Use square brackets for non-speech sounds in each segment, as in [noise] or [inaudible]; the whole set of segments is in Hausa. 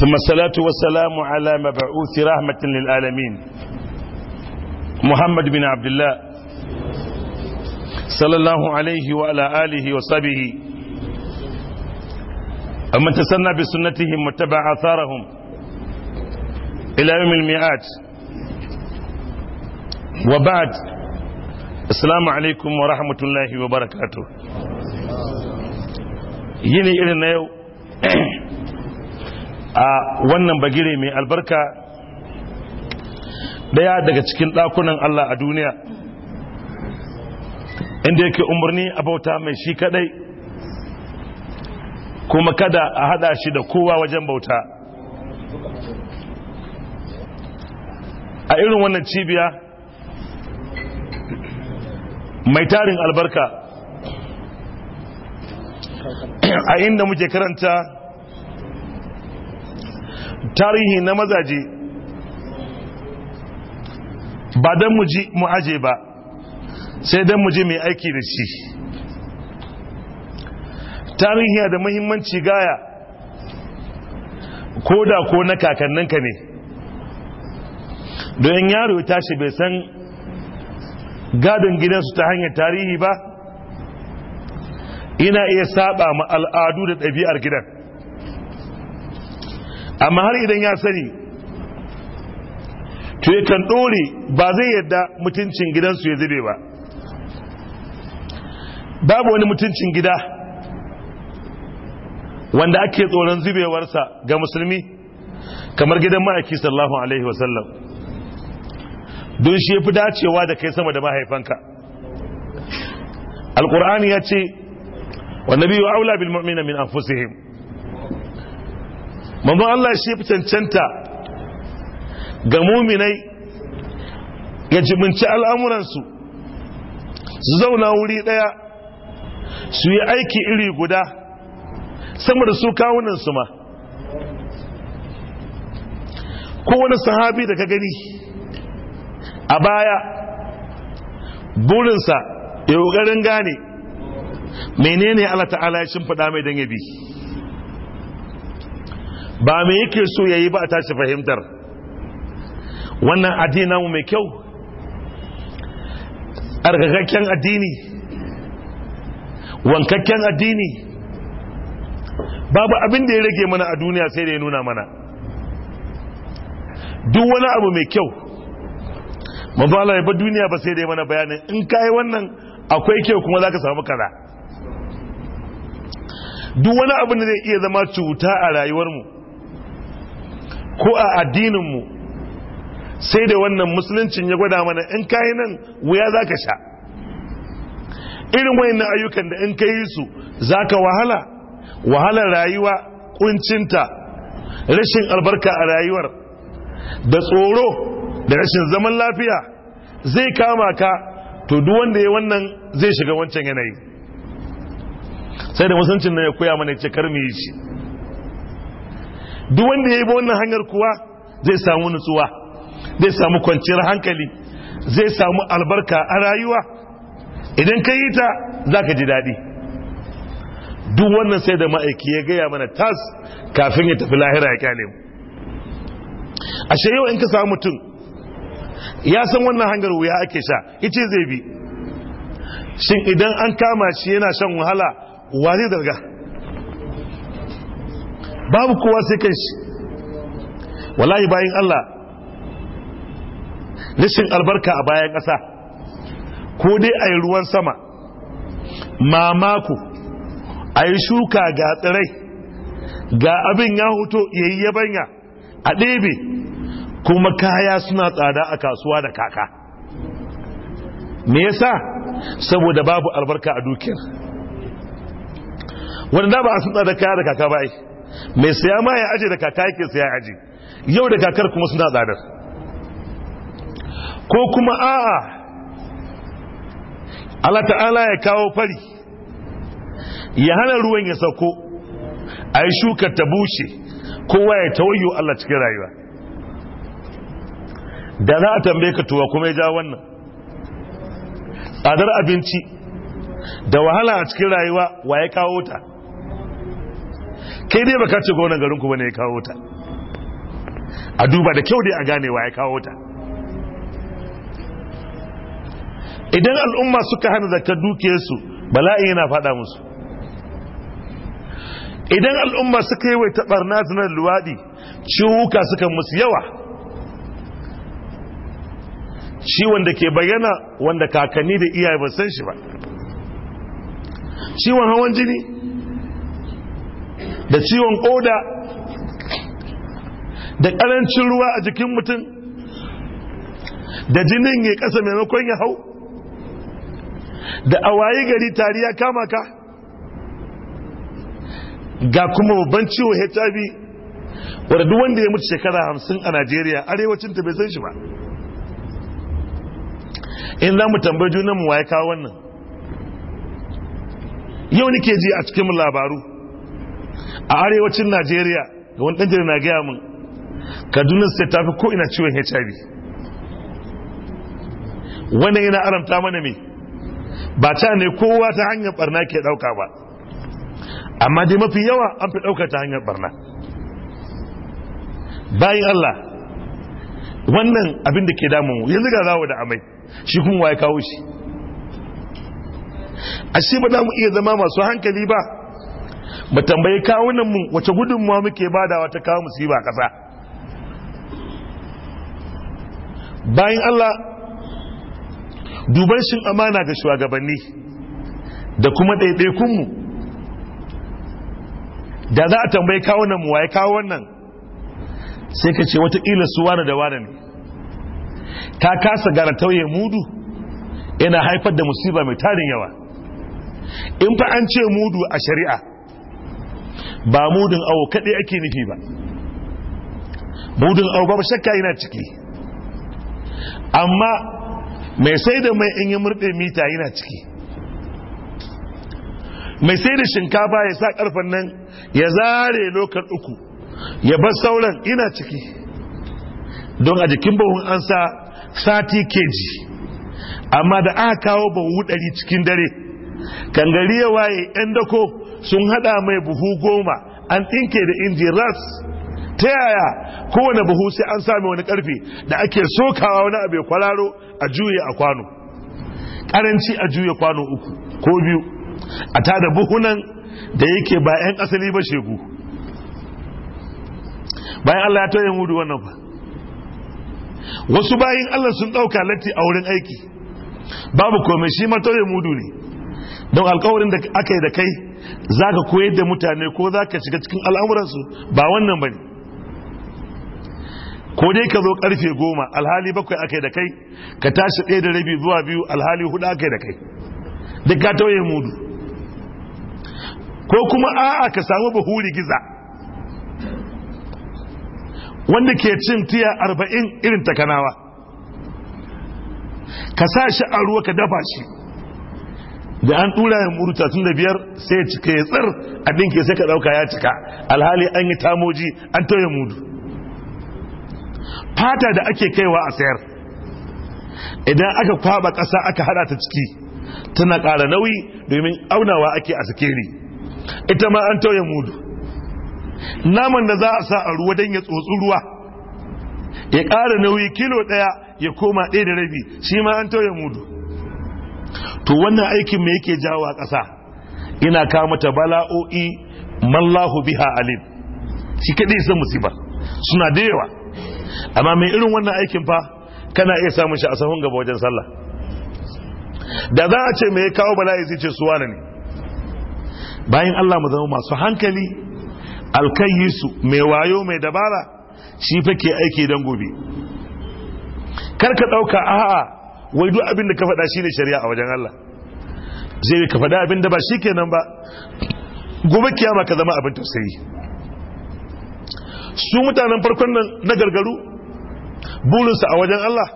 ثم الصلاة والسلام على مبعوث رحمة للعالمين محمد بن عبد الله صلى الله عليه وعلى آله وصحبه ومن تسنى بسنتهم واتبع آثارهم إلى يوم المئات وبعد السلام عليكم ورحمة الله وبركاته يني إلى اليوم a wannan bagire mai albarka daya daga cikin ɗakunan Allah a duniya inda yake umarni a bauta mai shi kadai kuma kada a hada shi da kowa wajen bauta a irin wannan cibiya mai tarin albarka a inda muke karanta tarihi na mazaje ba don mu ji mu aje ba sai don mu ji mai aiki da shi tarihi da muhimmanci gaya ko da ko na kakanninka ne don yaro ya tashi bai san gadon gidansu ta hanyar tarihi ba ina iya saba ma al'adu da ɗabi'ar gidan amma har idan ya sani to yakan dore ba zai yadda mutuncin gidansu ya zube ba babu wani mutuncin gida wanda ake tsoron zubewarsa ga musulmi kamar gidan ma'aiki sallallahu alaihi wasallam don shi ya fi dacewa da kai sama da mahaifanka alkur'ani ya ce wa nabiyu aula bil mu'mina min anfusihim manzon Allah shi fi cancanta ga muminai ya jiminci al'amuransu su zauna wuri ɗaya su yi aiki iri guda sama da su kawunansu ma kowane sahabi da ka gani a baya burinsa ya gane menene Allah ta'ala ya shimfiɗa mai don yabi ba me yake so ya yi ba a tashi fahimtar wannan addini mu mai kyau argagakken addini wankakken addini babu abin da ya rage mana a duniya sai da ya nuna mana duk wani abu mai kyau mabala ya ba duniya ba sai da ya mana bayanin in kayi wannan akwai kyau kuma za ka samu kaza duk wani abin da zai iya zama cuta a rayuwarmu ko a addininmu sai da wannan musuluncin ya gwada mana in kayi nan wuya za ka sha irin wayan ayyukan da in ka yi su za ka wahala wahala rayuwa kuncinta rashin albarka a rayuwar da tsoro da rashin zaman lafiya zai kama ka to duk wanda ya wannan zai shiga wancan yanayi sai da musuluncin nan ya koya mana ya ce kar mu yi shi duk wanda ya yi wannan hanyar kuwa zai samu nutsuwa zai samu kwanciyar hankali zai samu albarka a rayuwa idan ka yi ta za ka ji daɗi duk wannan sai da ma'aiki ya gaya mana tas kafin ya tafi lahira ya kyale mu ashe yau in ka samu mutum ya san wannan hanyar wuya ake sha ita zai bi shin idan an kama shi yana shan wahala wa zai babu kowa sai kai shi wallahi bayan Allah rashin albarka a bayan ƙasa ko dai a yi ruwan sama mamaku a yi shuka ga tsirai ga abin ya hoto yi yabanya a ɗebe kuma kaya suna tsada a kasuwa da kaka me yasa saboda babu albarka a dukiyar wanda ba a sun tsada kaya da kaka ba mai saya ma ya aje da kaka yake saya aje yau da kakar kuma suna tsadar ko kuma a'a Allah ta'ala ya kawo fari ya hana ruwan ya sauko a yi shukar ta bushe kowa ya tawayyo Allah cikin rayuwa da za a tambaye ka tuwa kuma ya ja wannan tsadar abinci da wahala a cikin rayuwa wa ya kawo ta kai dai baka ce gonan garin ku bane ya kawo ta a duba da kyau dai a ganewa ya kawo ta idan al'umma suka hana zakar dukiyarsu bala'i yana fada musu idan al'umma suka yi waita barna zinar luwaɗi ciwuka suka musu yawa shi wanda ke bayyana wanda kakanni da iyaye ba san shi ba ciwon hawan jini da ciwon koda da ƙarancin ruwa a jikin mutum da jinin ya ƙasa maimakon ya hau da awayi gari tari ya kama ka ga kuma babban ciwo hiv wadda duk wanda ya mutu shekara hamsin a najeriya arewacin ta bai san shi ba in za mu tambayi junanmu wa ya kawo wannan yau nike ji a cikin labaru a arewacin najeriya da wani ɗan na gaya mun kaduna state ta fi ko ina ciwon hiv wannan yana aramta mana me ba ta ne kowa ta hanyar barna ke ɗauka ba amma dai mafi yawa an fi ɗauka ta hanyar barna bayan allah wannan abin da ke damu yanzu ga zawo da amai shi kuma waye kawo shi ashe ba za mu iya zama masu hankali ba Ba tambayi kawunan mu wace gudunmuwa muke badawa ta kawo musiba kasa bayan Allah duban shin amana ga shugabanni da kuma ɗaiɗaikunmu da za a tambayi kawunan mu waye kawo wannan sai ka ce watakila su wane da wane ne ta kasa gara tauye mudu yana haifar da musiba mai tarin yawa in fa an ce mudu a shari'a ba mudun awo kaɗai ake nufi ba mudun awo ba shakka yana ciki amma mai sai da mai in yi murɗe mita yana ciki mai sai da shinkafa ya sa ƙarfan nan ya zare lokar uku ya bar sauran ina ciki don a jikin bahun an sa sati keji amma da aka kawo bahu ɗari cikin dare kangari ya waye 'yan dako sun hada mai buhu goma an ɗinke da inji ras ta yaya kowane buhu sai an sami wani karfi da ake sokawa wani abu ya kwararo a juye a kwano karanci a juye kwano uku ko biyu a da buhunan da yake ba 'yan asali ba shegu bayan allah ya tauye hudu wannan ba wasu bayan allah sun ɗauka latti a wurin aiki babu komai shi ma tauye mudu ne don alkawarin da aka yi da kai za ka koyar da mutane ko za ka shiga cikin al'amuransu ba wannan ba ne ko dai ka zo karfe goma alhali bakwai aka yi da kai ka tashi ɗaya da rabi zuwa biyu alhali hudu aka yi da kai duk ka tauye mudu ko kuma a'a ka samu bahuri giza wanda ke cin tiya arba'in irin takanawa ka sa shi a ruwa ka dafa shi da an tura ya muru biyar sai cika ya tsar a dinke sai ka dauka ya cika alhali an yi tamoji an toye mudu fata da ake kaiwa a sayar idan aka kwaba ƙasa aka hada ta ciki tana ƙara nauyi domin aunawa ake a sikeri ita ma an tauye mudu naman da za a sa a ruwa don ya tsotsi ruwa ya ƙara nauyi kilo ɗaya ya koma ɗaya da rabi shi ma an tauye mudu to wannan aikin mai yake jawo a ƙasa ina kama mata bala'o'i mallahu biha alim shi kadai san musibar. suna da yawa amma mai irin wannan aikin fa kana iya samun shi a sahun gaba wajen sallah da za a ce mai ya kawo bala'i zai ce suwa ne bayan Allah mu zama masu hankali alkayisu mai wayo mai dabara shi fa ke aiki don gobe kar ka ɗauka a'a wai duk abin da ka faɗa shine shari'a a wajen Allah zai ka faɗa abin da ba shi kenan ba gobe kiyama ka zama abin tausayi su mutanen farkon nan na gargaru burinsa a wajen Allah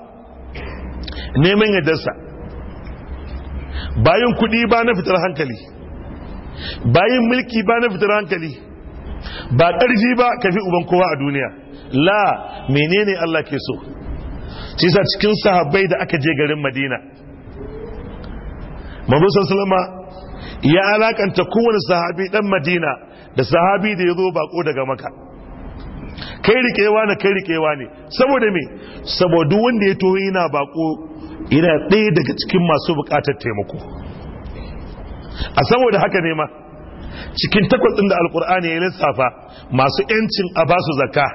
neman yardarsa bayan kuɗi ba na fitar hankali bayan mulki ba na fitar hankali ba ƙarfi ba kafi uban kowa a duniya la menene Allah ke so shi sa cikin sahabbai da aka je garin madina mabusan salama ya alakanta kowane sahabi dan madina da sahabi da ya zo bako daga maka kai rikewa na kai rikewa ne saboda me saboda wanda ya tohi yana bako yana ɗaya daga cikin masu buƙatar taimako a saboda haka ne ma cikin takwas ɗin da alkur'ani ya lissafa masu 'yancin a basu zakka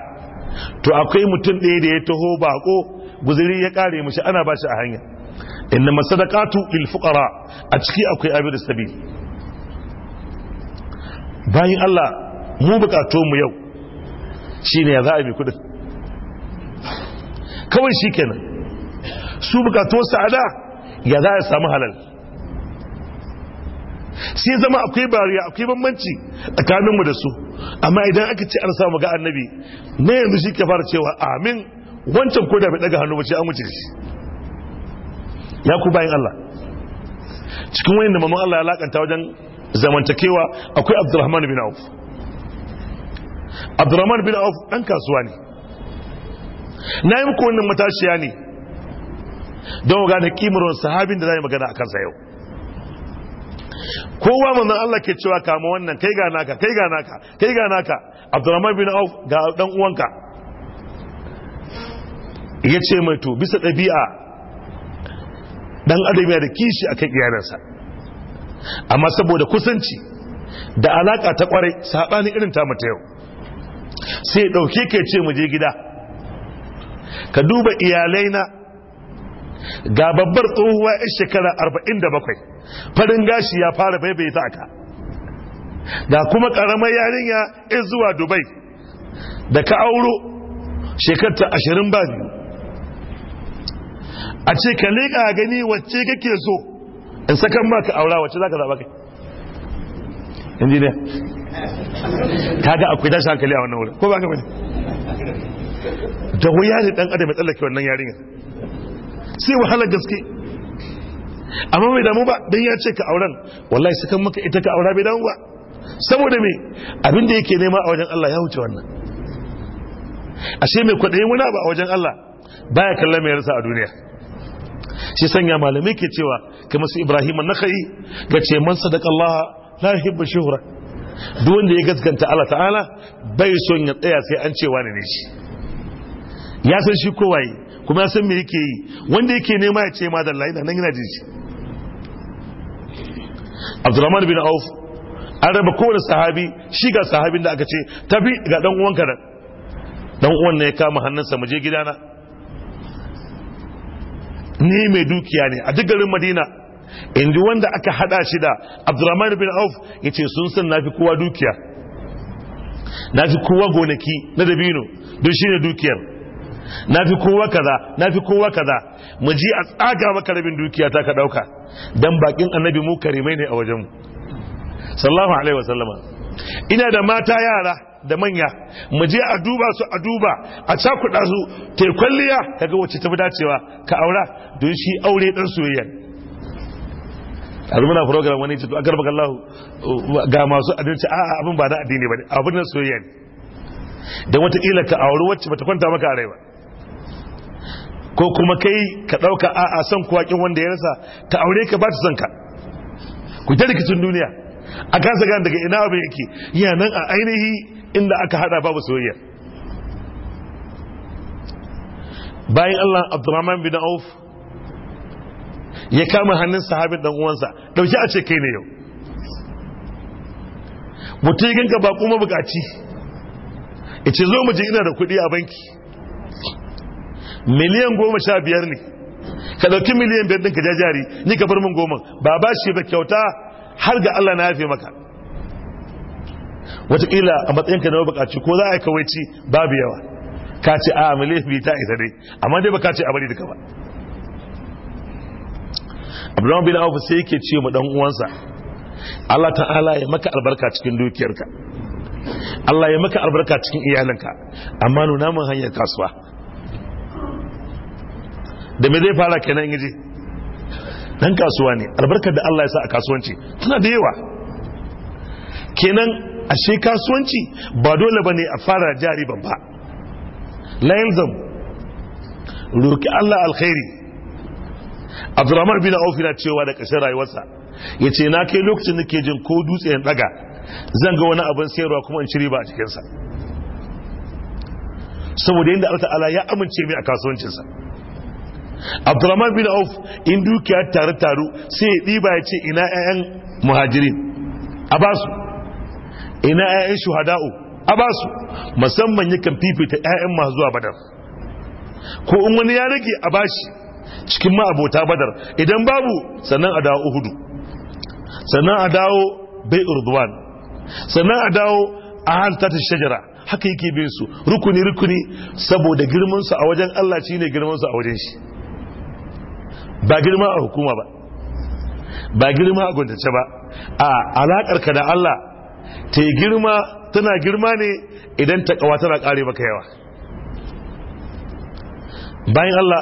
to akwai mutum ɗaya da ya taho bako guzuri ya kare mishi ana ba shi a hanya inna masadaqatu lil fuqara a ciki akwai abir sabil bayan Allah mu bukato mu yau shine ya za a bi kudin kawai shikenan su bukato sa'ada ya za a samu halal sai zama akwai bariya akwai bambanci tsakaninmu da su amma idan aka ce an samu ga annabi na yanzu shi ke fara cewa amin wancan ko da bai daga hannu ba ce an wuce shi ya ku bayan Allah cikin wani da mamman Allah ya lakanta wajen zamantakewa akwai Abdulrahman bin Auf Abdulrahman bin Auf dan kasuwa ne na yi muku wannan matashiya ne don gane kimar sahabin da za yi magana a kansa yau kowa manzon Allah ke cewa kama wannan kai ga naka kai ga naka kai ga naka Abdulrahman bin Auf ga dan uwanka ya ce mai to bisa ɗabi'a ɗan adam ya da kishi a kan iyalansa amma saboda kusanci da alaƙa ta ƙwarai, saɓanin irin ta mata yau sai ɗauke ka ce mu je gida ka duba iyalai na ga babbar tsohuwa 'yan shekara arba'in 47 farin gashi ya fara baibaita aka ga kuma ƙaramar yarinya in zuwa dubai da ka auro shekarta ashirin ba biyu a ce ka leƙa gani wacce kake so in sakan maka aura wacce za ka zaɓa kai ta ga akwai tashi hankali a wannan wurin ko ba ka bane da wuya ne dan adam ya tsallake wannan yarinya sai wahalar gaske amma bai damu ba don ya ce ka auren wallahi sakan maka ita ka aura bai damu ba saboda me abin da yake nema a wajen Allah ya wuce wannan ashe mai kwaɗayin wani abu a wajen Allah baya kallon mai yarsa a duniya shi sanya malamai ke cewa kamar su ibrahim na kai ga ce man sadaka allah la yuhibbu shuhra duk wanda ya gaskanta allah ta'ala bai son ya tsaya sai an cewa wani ne shi ya san shi kowaye kuma ya san me yake yi wanda yake nema ya ce ma da Allah nan yana jin shi Abdurrahman bin Auf an raba kowane sahabi shi ga sahabin da aka ce tafi ga dan uwanka dan uwan ne ya kama hannunsa mu je gidana ni mai dukiya ne a duk garin madina inda wanda aka hada shi da abdurrahman bin auf ya ce sun san na fi kowa dukiya na fi kowa gonaki na dabino don shi ne dukiyar na fi kowa kaza na fi kowa kaza mu ji a tsaga maka rabin dukiya ta ka dauka dan bakin annabi mu karimai ne a wajen mu sallallahu alaihi wasallama ina da mata yara da manya mu je a duba su a duba a cakuɗa su ta kwalliya kaga wacce ta fi dacewa ka aura don shi aure dan soyayya a program wani ce to agar baka Allah ga masu adalci a abin ba na addini bane abin na soyayya ne dan wata kila ka auri wacce bata kwanta maka a rai ba ko kuma kai ka ɗauka a san kuwakin wanda ya rasa ta aure ka ba ta son ka ku ta rikicin duniya a kasa gan daga ina abin yake yana nan a ainihi inda aka hada babu soyayya bayan Allah Abdurrahman bin Auf ya kama hannun sahabin dan uwansa dauki a ce kai ne yau mutum yin ka ba kuma bukaci ya ce zo je ina da kuɗi a banki miliyan goma sha biyar ne ka dauki miliyan biyar ɗin ka jajari ni ka bar min goma ba ba shi ba kyauta har ga Allah na yafe maka Watakila a matsayinka na bukaci ko za a yi kawaici babu yawa ka ce a amile laifi ta isa dai amma dai baka ce a bari duka ba abdullahi bin awuf sai yake ce ma dan uwansa Allah ta'ala ya maka albarka cikin dukiyarka Allah ya maka albarka cikin iyalinka amma nuna mun hanyar kasuwa da me zai fara kenan yaje dan kasuwa ne albarkar da Allah ya sa a kasuwanci tana da yawa kenan ashe kasuwanci ba dole ba ne a fara jariban ba Zan. roki Allah alkhairi abdurrahman bin auf yana cewa da ƙarshen rayuwarsa ya ce na kai lokacin nake jin ko dutse in daga zan ga wani abin sayarwa kuma in cire ba a cikinsa saboda yadda Allah ta'ala ya amince mai a kasuwancinsa abdurrahman bin auf in dukiya tare taru sai ya ɗiba ya ce ina ƴaƴan muhajirin a basu ina 'ya'yan shuhada'u a ba su musamman yakan fifita 'ya'yan masu zuwa badar ko in wani ya rage a bashi cikin ma'abota badar idan babu sannan a dawo uhudu sannan a dawo bai urduwan sannan a dawo a ta shajara haka yake bin su rukuni rukuni saboda girmansu a wajen allah ne girmansu a wajen shi ba girma a hukuma ba ba girma a gundace ba a alakarka da allah ta yi girma tana girma ne idan ta kawa tana kare maka yawa bayan Allah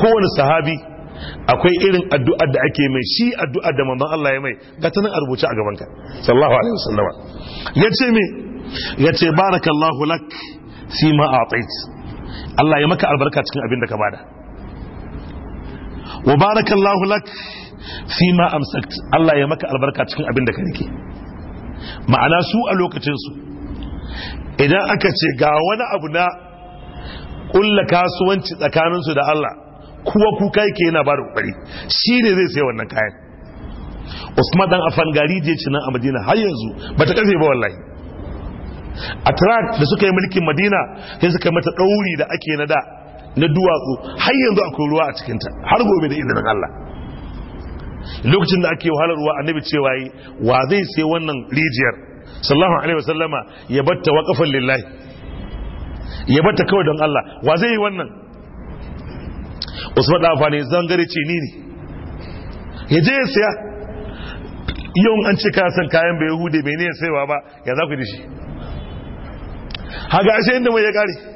kowane sahabi akwai irin addu'ar da ake mai shi addu'ar da manzon Allah ya mai ga ta nan a rubuce a gabanka sallallahu alaihi wasallama ya ce me ya ce barakallahu lak fi ma a'tait Allah ya maka albarka cikin abin da ka bada wa barakallahu lak fi ma amsakt Allah ya maka albarka cikin abin da ka rike ma'ana su a lokacinsu idan aka ce ga wani abu na kulla kasuwanci tsakaninsu da Allah kuwa kuka yake yana ba da kwari shi ne zai sai wannan kayan usman dan afan gari je ci nan a madina har yanzu ba ta ba wallahi a atrak da suka yi mulkin madina sai suka mata ɗauri da ake na da na duwatsu har yanzu akwai ruwa a cikinta har gobe da izinin Allah lokacin da ake wahalar wahalarwa annabi cewa yi wa zai sai wannan rijiyar sallallahu alaihi wasallama ya batta waqafan lillahi ya batta kawai don Allah wa zai yi wannan Usman da zangare ce ni ne ya je ya siya yau an ce ka san kayan bai hude bai ne saiwa ba ya zaku ku da shi haga ashe inda mai ya kare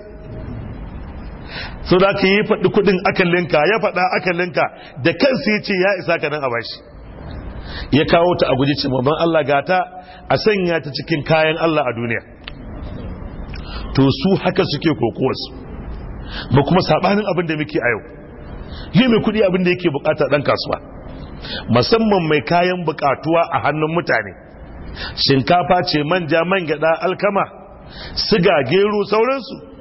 so da ka yi faɗi kuɗin akan linka ya faɗa akan linka da kansa ya ce ya isa ka nan a bashi ya kawo ta a guji ce mamman Allah gata a sanya ta cikin kayan Allah a duniya to su haka suke kokowarsu ba kuma saɓanin abin muke a yau yi mai kuɗi abinda yake bukata ɗan kasuwa musamman mai kayan bukatuwa a hannun mutane shinkafa ce manja man gyaɗa alkama siga gero sauransu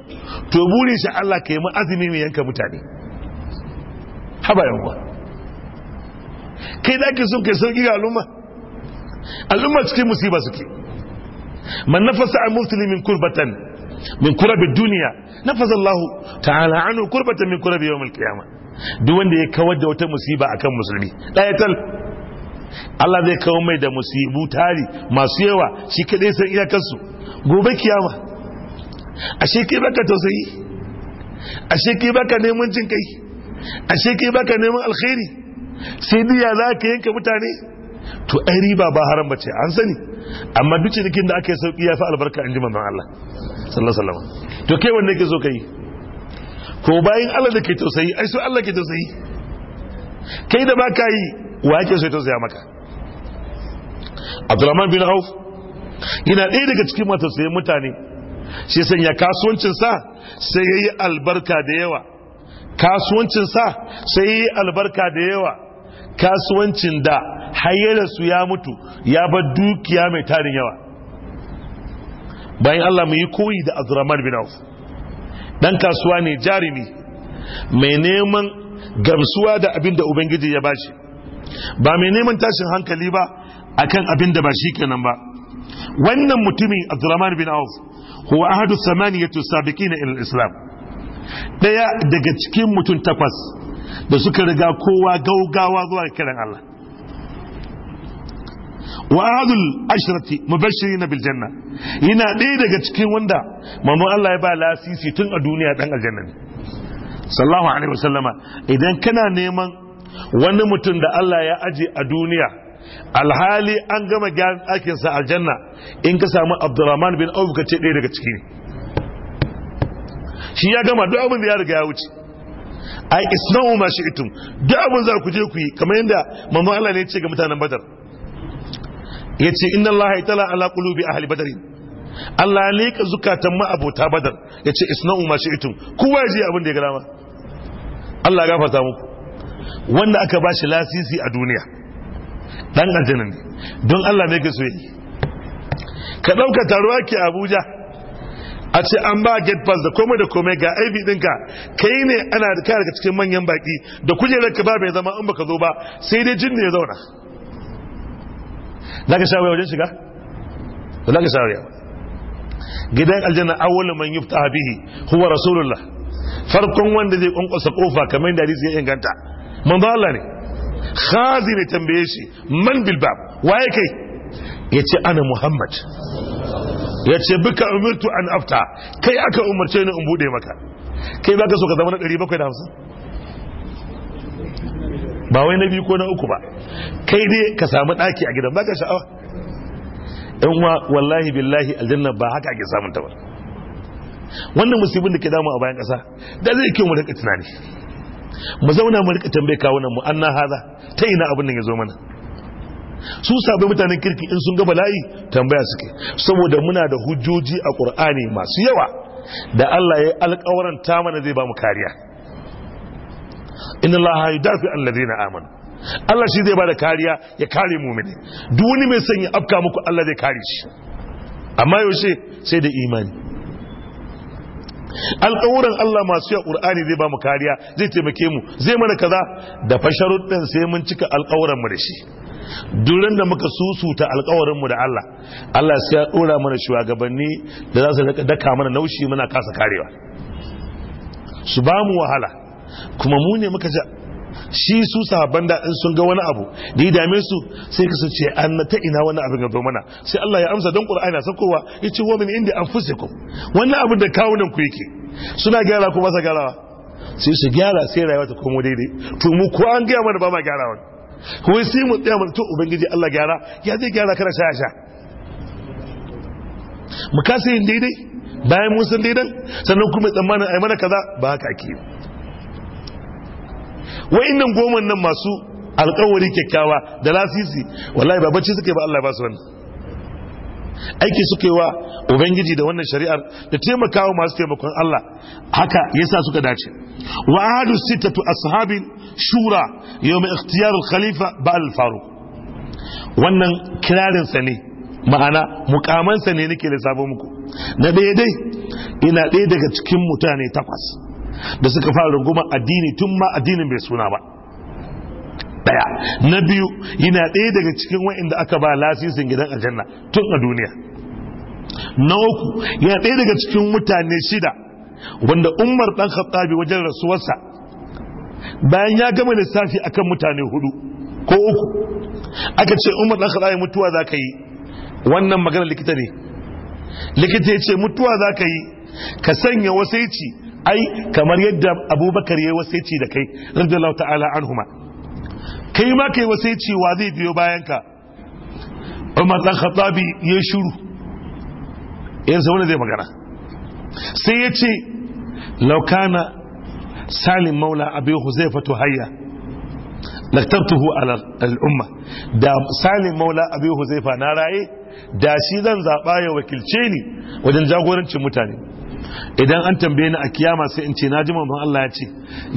to burin shi Allah ka yi mu azumi mai yanka mutane haba yawa kai da ke sun kai sauki ga al'umma al'umma cikin musiba suke man nafasa an muftili min kurbatan min kurabi duniya nafasa Allah ta'ala anu kurbatan min kurabi yawmul qiyama duk wanda ya kawar da wata musiba akan musulmi dayatal Allah zai kawo mai da musibu tari masu yawa shi kadai san iyakansu gobe kiyama ashe kai baka tausayi ashe kai baka neman jin kai ashe kai baka neman alkhairi sai diya za ka yanke mutane to ai riba ba haram bace an sani amma duk cinikin da aka yi sauki ya fi albarka in ji manzon Allah sallallahu alaihi wasallam to kai wanne ke so kai ko bayan Allah da ke tausayi ai so Allah ke tausayi kai da baka yi wa yake so tausaya maka Abdulrahman bin Auf yana ɗaya daga cikin matasayin mutane shi sanya kasuwancinsa sai ya yi albarka da yawa kasuwancinsa sai ya yi albarka da yawa kasuwancin da su ya mutu ya ba dukiya mai tarin yawa bayan Allah mu yi koyi da azramar bin auf dan kasuwa ne jarumi mai neman gamsuwa da abin da ubangiji ya bashi ba mai neman tashin hankali ba akan abin da ba shi kenan ba wannan mutumin azramar bin auf huwa ahadu samaniyatu sabiqina ila islam daya daga cikin mutum takwas da suka riga kowa gaugawa zuwa kiran Allah wa ahadul ashrati mubashirin bil janna yana ɗaya daga cikin wanda mamman Allah ya ba lasisi tun a duniya dan aljanna ne sallallahu alaihi wasallama idan kana neman wani mutum da Allah ya ajiye a duniya alhali an gama gyaran ɗakinsa aljanna in ka samu abdurrahman bin auf ka ce ɗaya daga ciki ne shi ya gama duk abin da ya riga ya wuce ai isna'u ma shi itum duk abin za ku je ku yi kamar yadda manzon Allah ne ya ce ga mutanen badar yace inna Allah ya tala ala qulubi ahli badr Allah ya leka zukatan ma abota badar yace isna'u ma itum kowa ya je abin da ya gama Allah ya gafarta muku wanda aka bashi lasisi a duniya dan aljanna ne don Allah ne ka so yi ka dauka taruwa ke Abuja a ce an ba get pass da komai da komai ga IV dinka kai ne ana da daga cikin manyan baki da kujerar ka ba bai zama in baka zo ba sai dai jinni ya zauna zaka sha wajen shiga zaka sha wajen gidan aljanna awwal man yufta bihi huwa rasulullah farkon wanda zai kunkusa kofa kamar da hadisi ya inganta manzo Allah ne khazi ne tambaye shi man bilbab waye kai ya ce ana muhammad ya ce bika umurtu an afta kai aka umarce ni in bude maka kai ba ka so ka zama na 750 ba wai na biyu ko na uku ba kai dai ka samu daki a gidan baka sha'awa yan wa wallahi billahi aljanna ba haka ake samun ta ba wannan musibin da ke damu a bayan kasa da zai kyau mu rika tunani mu zauna mu rika tambaye kawunan mu anna haza ta ina abin nan ya zo mana su sabai mutanen kirki in sun ga bala'i tambaya suke saboda muna da hujjoji a qur'ani masu yawa da Allah ya alƙawaran ta mana zai ba mu kariya inna Allah yudafi alladhina amanu Allah shi zai bada kariya ya kare mumini duk wani mai sanya afka muku Allah zai kare shi amma yaushe sai da imani alƙawuran Allah masu ya ƙur'ani zai ba mu kariya zai taimake mu zai mana kaza da fasharu ɗin sai mun cika alƙawuran mu da shi durin da muka susuta alƙawarin mu da Allah Allah sai ya ɗora mana shugabanni da za su daka mana naushi muna kasa karewa su ba mu wahala kuma mu ne muka ji shi su sahabban da in sun ga wani abu da yi dame su sai ka ce an ta ina wani abin gaba mana sai Allah ya amsa don ƙura'a na sakowa ya ce wani inda an ku Wani abin da kawunan ku yake suna gyara ko ba sa gyarawa sai su gyara sai rayuwa ta komo daidai to mu ko an gaya mana ba ma gyarawa kuma sai mu tsaya mutu to ubangiji Allah gyara ya zai gyara kana sha sha mu kasa yin daidai bayan mun san daidan sannan kuma tsammanin ai mana kaza ba haka ake wa'annan goma nan masu alkawari kyakkyawa da lasisi wallahi ba bacci suke ba Allah ba su wannan aiki suka yi wa ubangiji da wannan shari'ar da taimakawa masu taimakon Allah haka yasa suka dace wa ahadu sittatu ashabin shura yawm ikhtiyar khalifa ba'al faruq wannan kirarin sa ne ma'ana mukamansa ne nake lissafo muku na daidai ina ɗaya daga cikin mutane takwas da suka fara runguma addini tun ma addinin bai suna ba daya na biyu yana ɗaya daga cikin wa'inda aka ba lasisin gidan aljanna tun a duniya na uku yana ɗaya daga cikin mutane shida wanda umar dan khattabi wajen rasuwarsa bayan ya gama lissafi akan mutane hudu ko uku aka ce umar dan khattabi mutuwa za ka yi wannan magana likita ne likita ya ce mutuwa za ka yi ka sanya wasaici ai kamar yadda abubakar ya yi wasaici da kai radiyallahu ta'ala ka kai ma kai wasaici wa zai biyo bayan ka umar dan khattabi ya shiru yanzu zaune zai magana sai ya ce laukana salim maula abi haya tuhayya laktabtuhu ala al'umma da salim maula zai fa na raye da shi zan zaɓa ya wakilce ni wajen jagorancin mutane idan an tambaye ni a kiyama sai in ce na ji manzon Allah ya ce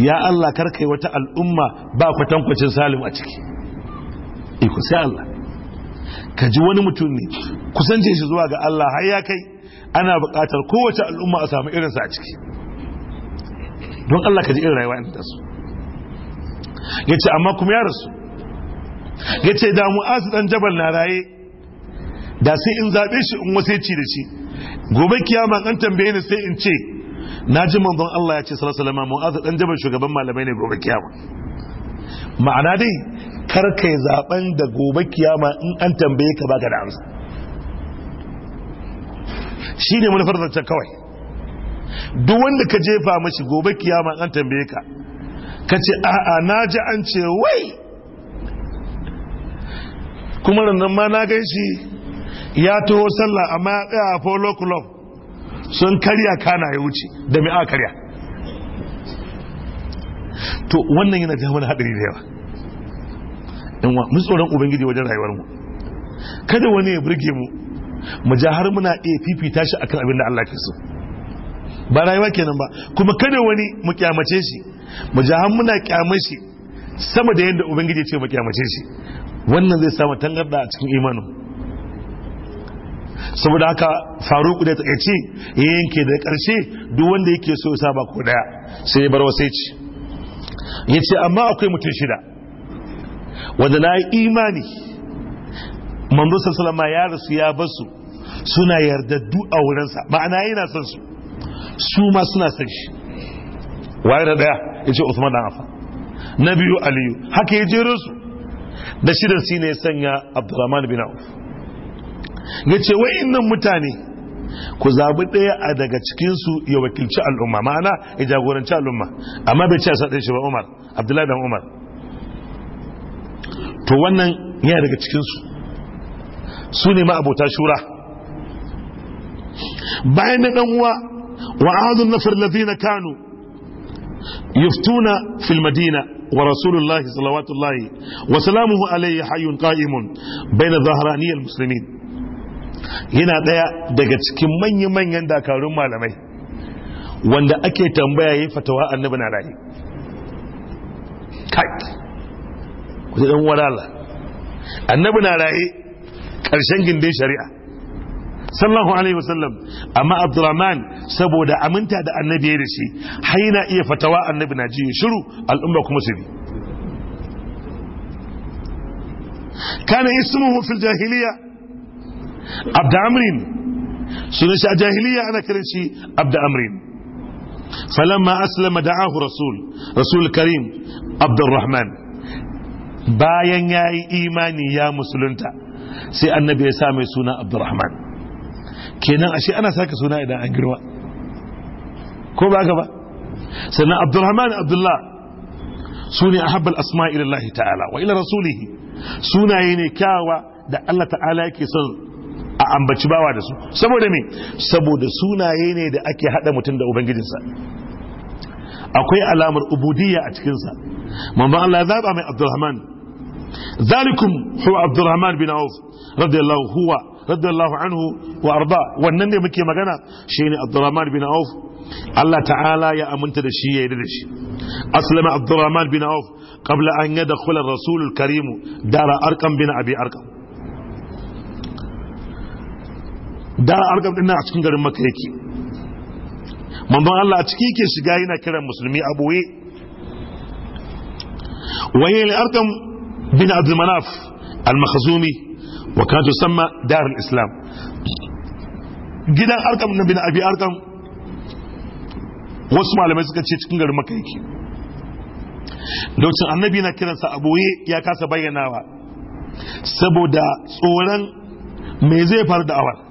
ya Allah karkai wata al'umma ba kwatankwacin salim a ciki iko sai Allah ka ji wani mutum ne kusance shi zuwa ga Allah har ya kai ana buƙatar kowace al'umma a samu irinsa a ciki don Allah ka ji irin rayuwa inda su ya ce amma kuma ya rasu ya ce da mu'azu dan jabal na raye da sai in zaɓe shi in wasaici da shi gobe kiyama an tambaye ni sai in ce na ji manzon Allah ya ce sallallahu alaihi wasallam mu'azu dan jabal shugaban malamai ne gobe kiyama ma'ana dai kar kai zaben da gobe kiyama in an tambaye ka baka da amsa shine farza ta kawai duk wanda ka jefa mashi gobe kiyama an tambaye ka ka ce a'a na ji an ce wai kuma nan ma na gaishe ya taho sallah amma ya tsaya a polo club sun karya kana ya wuce da mai aka karya to wannan yana jawo hadari da yawa in wa mu tsoron ubangiji wajen rayuwar mu kada wani ya burge mu mu ja har muna iya fifita shi akan abin da Allah ke so ba rayuwa kenan ba kuma kada wani mu kyamace shi mu ja har muna kyamace shi sama da yadda ubangiji ce mu kyamace shi wannan zai samu tangarda a cikin imanin saboda haka faruku da takaice ya yanke da karshe duk wanda yake so ya ba ko daya sai ya bar wasaici ya ce amma akwai mutum shida wanda na yi imani manzo sallama ya rasu ya basu suna yarda yardaddu a wurinsa ma'ana yana son su su ma suna son shi waye da daya ya ce usman dan afa na biyu aliyu haka ya jero su da shirin sine sanya abdurrahman bin auf ya ce wa'innan mutane ku zabi ɗaya a daga cikinsu ya wakilci al'umma ma'ana ya jagoranci al'umma amma bai ce a saɗe shi ba umar abdullahi dan umar to wannan yana daga cikinsu su ne ma'abota shura bayan na uwa, wa'adun na firlazi na kano yuftuna fil madina wa rasulullahi صلوات الله وسلامه عليه حي قائم بين ظهراني yana ɗaya daga cikin manya-manyan dakarun malamai wanda ake tambaya yi fatawa annabi na rayu kai ku ɗan warala annabi na raye ƙarshen gindin shari'a sallallahu alaihi wasallam amma abdurrahman saboda aminta da annabi ya rishi haina iya fatawa annabi na ji shiru al'umma kuma su bi kana ismuhu fil jahiliya abda amrin sunan shi a jahiliya ana kiran shi abda amrin falamma aslama da'ahu rasul rasul karim abdurrahman bayan ya yi imani ya musulunta sai annabi ya sa mai suna abdurrahman kenan ashe ana saka suna idan an girma ko ba ba? sannan abdurrahman abdullah su ne ahabbal asma ilallahi ta'ala wa ila rasulihi sunaye ne kyawa da Allah ta'ala yake son ambaci bawa da su saboda me saboda sunaye ne da ake hada mutum da ubangijinsa akwai alamar ubudiyya a cikinsa Mamban Allah ya zaba mai Abdulrahman zalikum huwa Abdulrahman bin Auf radiyallahu huwa radiyallahu anhu wa arda wannan ne muke magana shine Abdulrahman bin Auf Allah ta'ala ya aminta da shi ya yarda da shi aslama Abdulrahman bin Auf qabla an yadkhula ar-rasul al-karim dara arqam bin abi arqam da argam din a cikin garin maka yake manzon Allah a ciki yake shiga yana kiran musulmi a boye ne argam bin abdul manaf al-makhzumi wa kan tusamma dar al-islam gidan arkam na bin abi arkam wasu malamai suka ce cikin garin maka yake lokacin annabi na kiransa a boye ya kasa bayyanawa saboda tsoron me zai faru da awar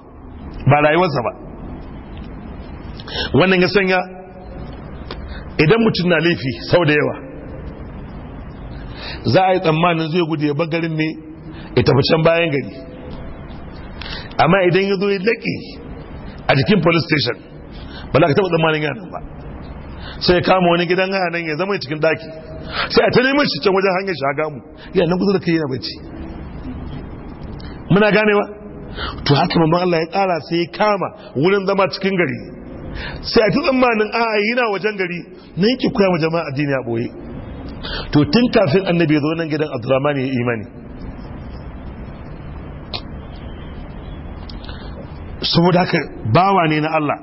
ba rayuwarsa ba wannan ya sanya idan mutum na laifi sau da yawa za a yi tsammanin zai gudu ya bagarin ne ya tafi can bayan gari amma idan ya zo ya laƙi a jikin police station ba za ka taɓa tsammanin yana ba sai ya kama wani gidan haya nan ya zama cikin daki sai a ta neman shi can wajen hanyar shaga mu yana nan kusa da kai na bacci muna ganewa to haka mamman Allah ya kara sai ya kama wurin zama cikin gari sai a ta tsammanin a yana wajen gari na yake koya ma jama'a addini a boye to tun kafin annabi ya zo nan gidan abdurrahman ya imani saboda haka bawa ne na Allah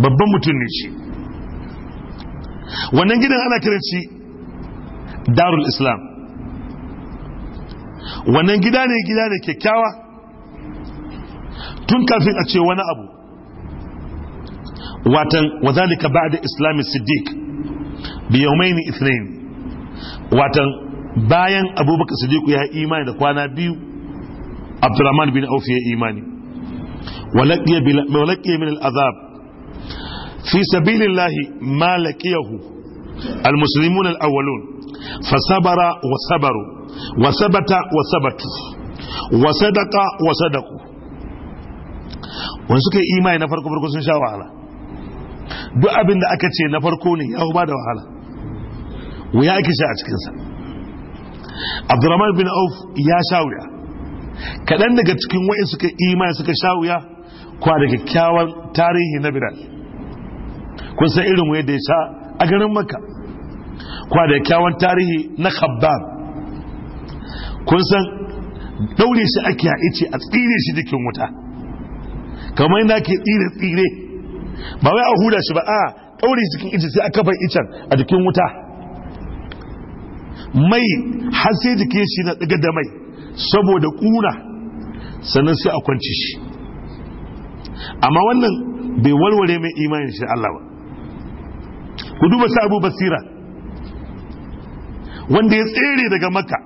babban mutum ne shi wannan gidan ana kiran shi darul islam wannan gida ne gida ne kyakkyawa tun kafin a ce wani abu watan wazalika ba'da islami siddiq bi yawmayn ithnain watan bayan abubakar siddiq ya yi imani da kwana biyu abdurrahman bin auf ya yi imani walaqiya bil walaqiya min al-azab fi sabilillahi ma laqiyahu المسلمون الأولون فصبر وصبروا وثبت وثبتوا وصدق وصدقوا wani suka yi imani na farko farko sun sha wahala duk abin da aka ce na farko ne ya ba da wahala wuya ake sha a cikinsa abdurrahman bin auf ya sha wuya kaɗan daga cikin wa'in suka imani suka sha wuya kwa da kyakkyawan tarihi na birane kun san irin wuya da ya sha a garin maka kwa da kyakkyawan tarihi na khabbab kun san daure shi ake a ice a tsire shi jikin wuta kamar yana ke tsire tsire ba wai a huda shi ba a ɗaure cikin ice sai a kafa icen a jikin wuta mai har sai jike shi na ɗiga da mai saboda ƙuna sannan sai a kwanci shi amma wannan bai walware mai imanin shi Allah ba ku duba sa abu basira wanda ya tsere daga maka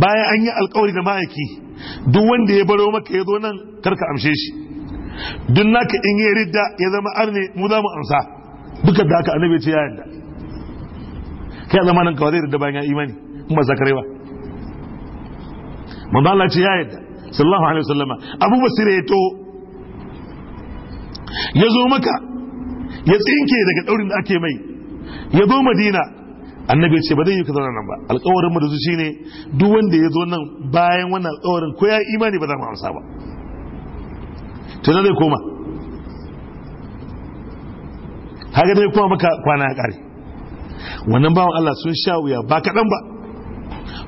bayan an yi alkawari da ma'aiki duk wanda ya baro maka ya zo nan karka amshe shi duk naka in yi ridda ya zama arne mu za mu amsa duka da haka annabi ce ya yanda kai zama nan kawai zai ridda bayan ya imani in ba zakare ba manzo Allah ce ya yanda sallallahu alaihi wasallama Abu Basir ya to ya zo maka ya tsinke daga daurin da ake mai ya zo Madina annabi ya ce ba zai yi ka zauna nan ba alkawarin mu da zuci ne duk wanda ya zo nan bayan wannan alkawarin ko ya yi imani ba za mu amsa ba to zai koma haka dai kuma maka kwana ya kare wannan bawan Allah sun sha wuya ba kaɗan ba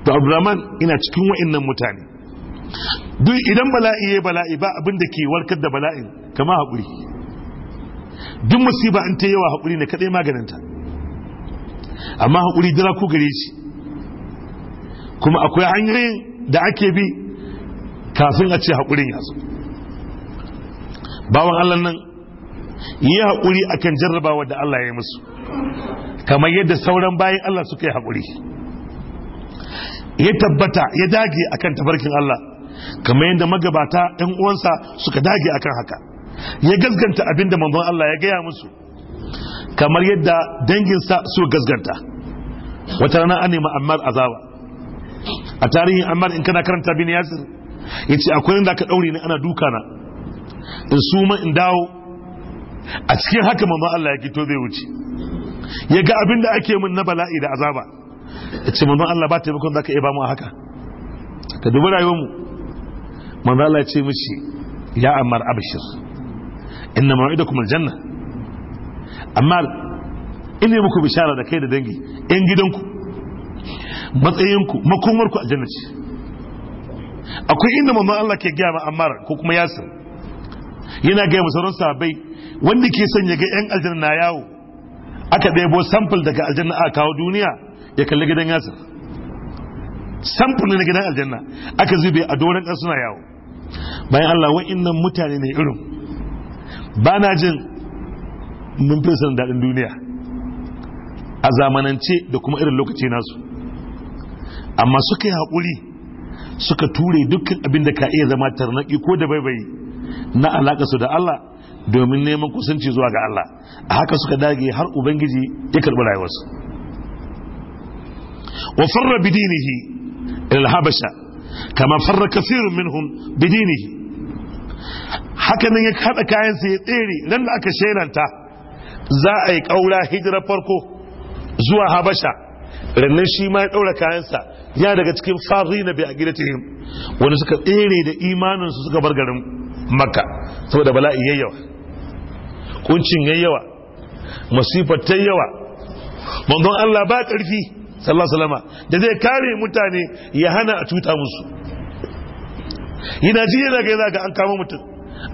to abdurrahman ina cikin wa'innan mutane duk idan bala'i ya bala'i ba abin da ke warkar da bala'in kama haƙuri duk musiba in ta yawa haƙuri ne kaɗai ta amma hakuri dira ku gare shi kuma akwai hanyoyin da ake bi kafin a ce hakurin ya zo bawan Allah nan yi hakuri akan jarrabawa da Allah ya yi musu kamar yadda sauran bayan Allah suka yi hakuri ya tabbata ya dage akan tabarkin Allah kamar yadda magabata ɗan uwansa suka dage akan haka ya gaskanta abinda manzon Allah ya gaya musu kamar yadda danginsa su gasganta wata rana an nemi ammar azaba a tarihin ammar in kana karanta bin yasir ya ce akwai inda ka daure ni ana duka na in su ma in dawo a cikin haka mamma Allah ya to zai wuce ya ga abin da ake min na bala'i da azaba ya ce mamma Allah ba taimakon za ka iya ba mu a haka ka dubi mu mamma Allah ya ce mishi ya ammar abshir inna ma'idakum aljanna amma ina muku bishara da kai da dangi yan gidanku matsayinku makomarku aljanna ce akwai inda mamman Allah ke gaya ma amma ko kuma yasir yana gaya ma sauran wanda ke son ya ga yan aljanna na yawo aka bo sample daga aljanna a kawo duniya ya kalli gidan yasir sample na gidan aljanna aka zube a doron ƙasa suna yawo bayan Allah wa'innan mutane ne irin ba na jin mun fi sanin daɗin duniya a zamanance da kuma irin lokaci nasu amma suka yi hakuri, suka ture dukkan abin da ka iya zama tarnaki ko da baibayi na alaƙa su da Allah domin neman kusanci zuwa ga Allah a haka suka dage har ubangiji ya karɓi rayuwarsu wa farra bidinihi ila habasha kama farra kasirun minhum bidinihi haka nan ya haɗa kayansa ya tsere ran da aka shelanta za a yi ƙaura hijirar farko zuwa habasha rannan shi ma ya ɗaura kayansa ya daga cikin fari na bi a gidatihim Wani suka tsere da imaninsu suka bar garin makka saboda bala'i yayyawa kuncin yayyawa masifar ta yawa manzon Allah ba ƙarfi sallallahu da zai kare mutane ya hana a cuta musu yana ji yana ga an kama mutum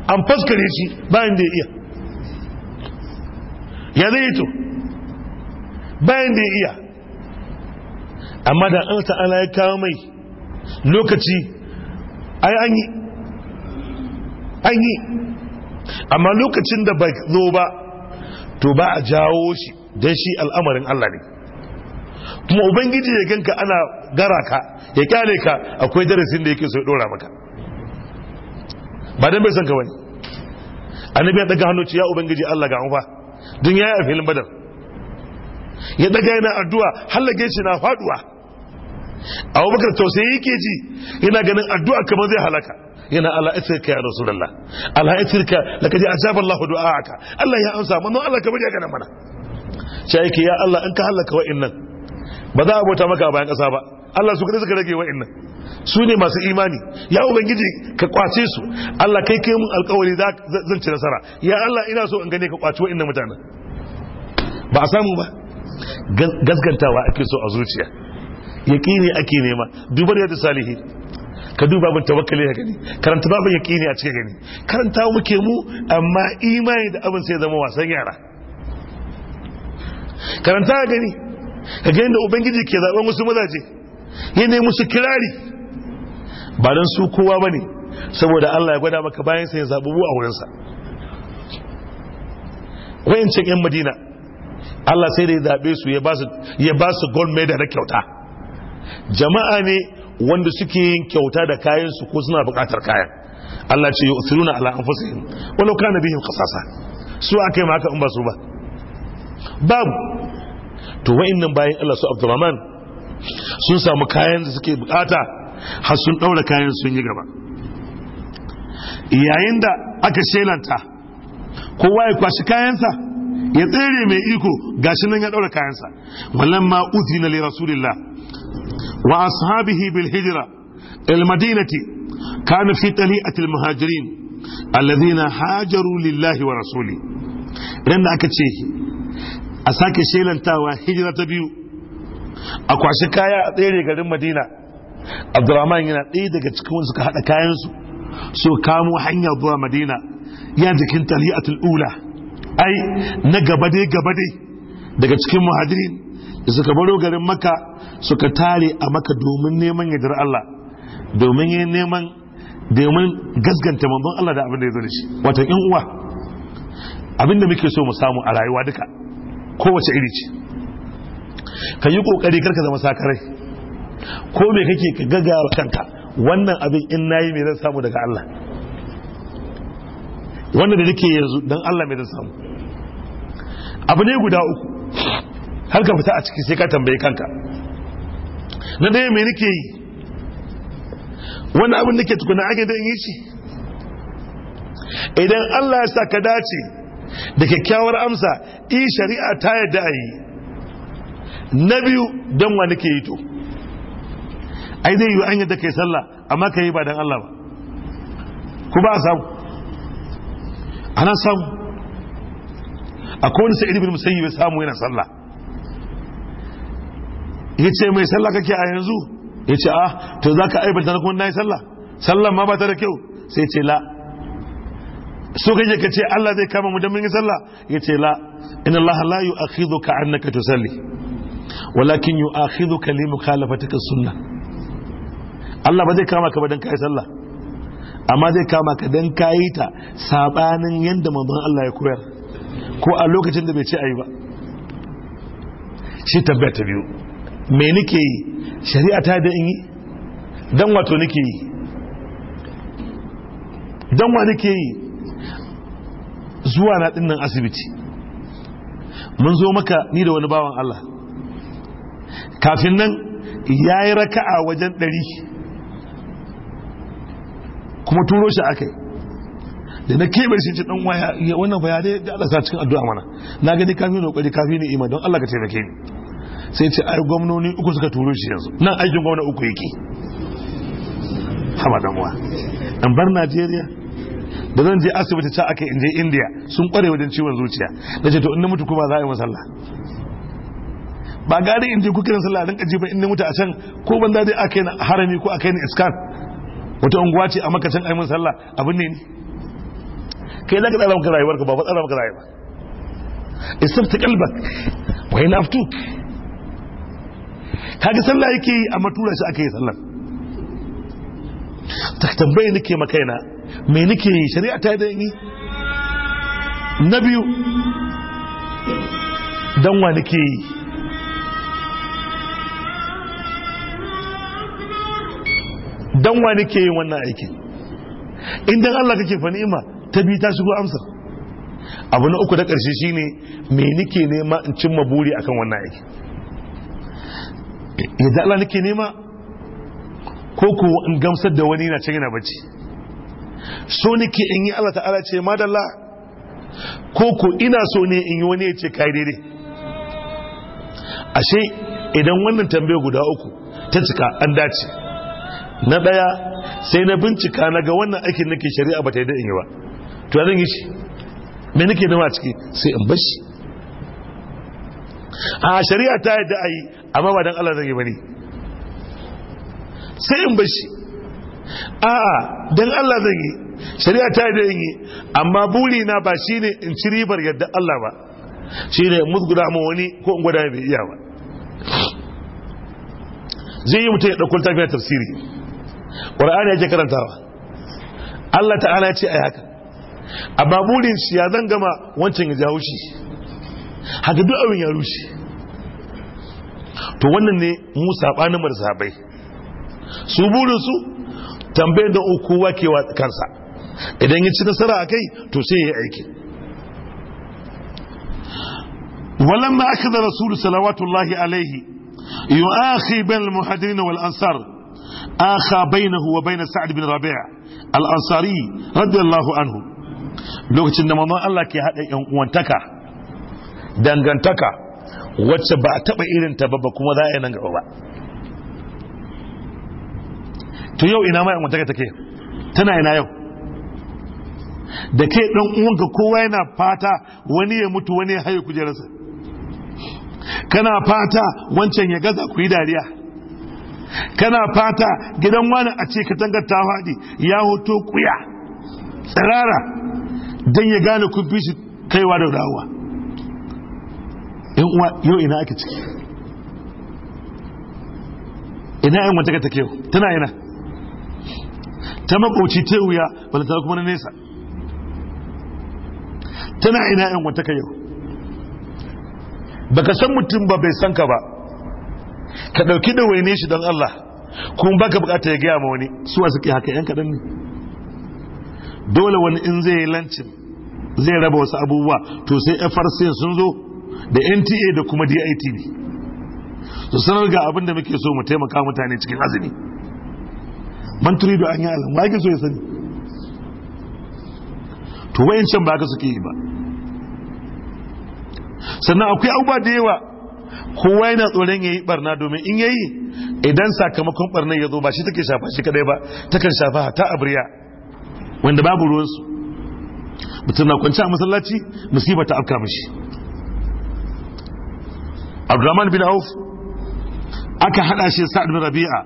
an faskare shi bayan da iya ya zai to bayan da ya iya amma da an ta'ala ya kawo mai lokaci ai an yi an yi amma lokacin da ba zo ba to ba a jawo shi don shi al'amarin Allah ne kuma ubangiji ya ganka ana gara ka ya kyale ka akwai darasin da yake so ya dora maka ba dan bai san ka bane annabi ya daga hannu ya ubangiji Allah ga an fa dun ya yi a filin badar ya daga yana addu'a hallage shi na faduwa abubakar tausayi yake ji yana ganin addu'a kamar zai halaka yana ala’itirka ya rasulallah ala’itirka da kaji lafudu a haka Allah ya amsa manon Allah kamar ya gana mana shi ya Allah in ka halaka wa'in nan ba za a bauta maka a bayan ƙasa ba Allah su kada suka rage wa'annan su ne masu imani ya ubangiji ka kwace su Allah kai kai mun alƙawari zan ci nasara ya Allah ina so in gane ka kwace wa'annan mutanen ba a samu ba gaskantawa ake so a zuciya yaqini ake nema dubar yadda salihi ka duba bin tawakkali ka gani karanta babu yaqini a cikin gani karanta muke mu amma imani da abin sai zama wasan yara karanta gani ka gani da ubangiji ke zaben wasu mazaje ya nemi musu kirari ba don su kowa ba ne saboda Allah ya gwada maka bayan sai ya zaɓuɓu a wurinsa wayancin 'yan madina Allah sai da ya zaɓe su ya ba su gold medal na kyauta jama'a ne wanda suke yin kyauta da kayan su ko suna buƙatar kayan Allah ce yu'thiruna ala Wani walau kana biyun kasasa. su aka ma haka in ba su ba babu to nan bayan Allah su Abdurrahman sun samu kayan da suke bukata har sun daura kayan sun yi gaba yayin da aka shelanta kowa ya kwashi kayansa ya tsere mai iko gashi nan ya daura kayansa wallan ma uzina li rasulillah wa ashabihi bil hijra al madinati kana fi tali'ati al muhajirin alladhina hajaru lillahi wa rasuli Idan da aka ce a sake shelantawa hijira ta biyu a kwashi kaya a tsere garin madina abdurrahman yana ɗaya daga cikin wasu suka haɗa kayansu so kamo hanyar zuwa madina ya jikin taliyatul ula ai na gaba dai gaba dai daga cikin muhadirin da suka baro garin maka suka tare a maka domin neman yadda Allah domin yin neman domin gasganta manzon Allah da abin da ya zo da shi wato in uwa abin da muke so mu samu a rayuwa duka kowace iri ce ka yi kokari karka zama sakarai ko me kake ka gaggawa kanka wannan abin in nayi me zan samu daga Allah Wannan da nake yanzu dan Allah me zan samu abu ne guda uku har ka fita a ciki sai ka tambaye kanka na ɗaya me nake yi wannan abin nake ke tukuna ake da yi shi idan Allah ya sa ka dace da kyakkyawar amsa i shari'a ta yadda a yi na biyu don wa nake yi to ai zai yi an yadda kai sallah amma ka yi ba don Allah ba ku ba a samu ana samu akwai wani sai ilimin musayi mai samu yana sallah ya ce mai sallah kake a yanzu ya ce ah to za ka aibanta na kuma na yi sallah sallah ma ba ta da kyau sai ce la so kake ka ce Allah zai kama mu don mun yi sallah ya ce la inna Allah la yu'akhidhuka annaka tusalli walakin yu'akhidhuka li mukhalafatika sunna Allah ba zai kama ka ba dan kai sallah amma zai kama ka dan kai ta sabanin yanda manzon Allah ya koyar ko a lokacin da bai ce ayi ba shi tabbata ta biyu me nake yi shari'a ta da in yi dan wato nake yi dan wa nake yi zuwa na dinnan asibiti mun zo maka ni da wani bawan Allah kafin nan ya yi raka'a wajen ɗari kuma turo shi aka yi da na kebe shi ɗan waya wannan fa ya dai da Allah sa cikin addu'a mana na gani kafin ne kwari kafin ne iman don Allah ka taimake ni sai ce ai gwamnoni uku suka turo shi yanzu nan aikin gwamna uku yake haba dan uwa an bar Najeriya da zan je asibiti ta aka in je India sun kware wajen ciwon zuciya ce to in na mutu kuma za a yi masalla ba gari in je ku kiran sallah rinka ji ba in mutu a can ko ban dade aka yi harami ko aka ni iskan wata unguwa ce a maka can aimin sallah abin ne kai za ka tsara maka rayuwarka ba tsara maka rayuwa ta kalbak wa yana ka kaga sallah yake yi amma tura shi aka yi sallah ta tambaye nake makaina me nake yi shari'a ta da ni na biyu dan wa nake yi dan wani ke yin wannan aiki. inda Allah kake fa ni'ima ta bi ta shigo amsar abu na uku da karshe shine me nake nema in cimma buri akan wannan aikin yadda Allah nake nema ko ko in gamsar da wani na cikin bacci so nake in yi Allah ta'ala ce madalla ko ko ina so ne in yi wani ya ce kai daidai ashe idan wannan tambaya guda uku ta cika an dace na daya sai na bincika na ga wannan aikin nake shari'a ba ta yi in yi ba to zan yi shi me nake nawa ciki sai in bashi. a shari'a ta yadda a yi amma ba dan Allah zan yi ba ne sai in bashi. a a'a dan Allah zan yi shari'a ta yi in yi amma buri na ba shine in ci ribar yadda Allah ba ne in musguda ma wani ko in gwada bai iya ba zai yi mutum ya ɗaukar tafiya tafsiri ya yake karantawa Allah ta'ala ce a haka a baburin shi ya zan gama wancan ya jawo shi haka duk abin ya rushe to wannan ne mu sabanin marzabai su burinsu su tambayar da uku wakewa kansa idan ya ci nasara a kai to sai ya aiki walamma aka da rasulu salawatullahi alaihi yu'akhi bil muhajirin wal ansar akha بينه wa سعد بن bin rabi' رضي الله radiyallahu anhu lokacin da الله Allah ke hada yan uwantaka dangantaka wacce ba a taba irin ta ba kuma za a nan gaba ba to yau ina ma yan uwantaka da ke dan uwanka kowa yana fata wani ya mutu wani ya haye kujerarsa kana fata wancan ya gaza ku yi dariya kana fata gidan wani a ce tanga ta faɗi ya hoto kuya tsirara don ya gane kun fi shi kaiwa da dawowa yan uwa yau ina ake ciki ina yan wata ta yau tana yana ta makwauci ta wuya ta kuma na nesa tana ina yan wata yau baka san mutum ba bai san ka ba ka ɗauki ɗawaine shi don Allah kuma baka bukata ya gaya ma wani suwa suke haka yan kaɗan ne dole wani in zai yi lancin zai raba wasu abubuwa to sai FRC sun zo da NTA da kuma DITV. su sanar ga abin da muke so mu taimaka mutane cikin azumi man da an yi alam wa so ya sani to wayancan ba ka suke yi ba sannan akwai abubuwa da yawa kowa yana tsoron ya yi barna domin in ya yi idan sakamakon barnan ya zo ba shi take shafa shi kadai ba takan shafa ta abriya wanda babu ruwansu mutum na kwanci a masallaci musiba ta afka mishi abdurrahman bin auf aka hada shi sa'ad bin rabi'a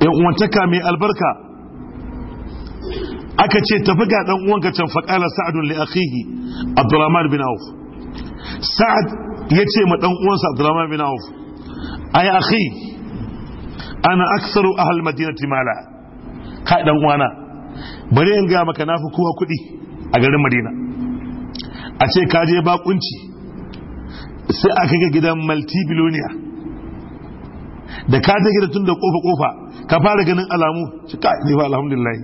yan uwantaka mai albarka aka ce tafi ga dan uwanka can faqala sa'ad li akhihi abdurrahman bin auf sa'ad ya ce ma ɗan uwansa Abdurrahman bin Auf ai akhi ana aksaru ahal madinati mala ka dan uwana bari in ga maka nafi kowa kuɗi a garin Madina a ce ka je bakunci sai aka ga gidan multibiloniya da ka ta gidan tun da kofa kofa ka fara ganin alamu shi ka ne fa alhamdulillah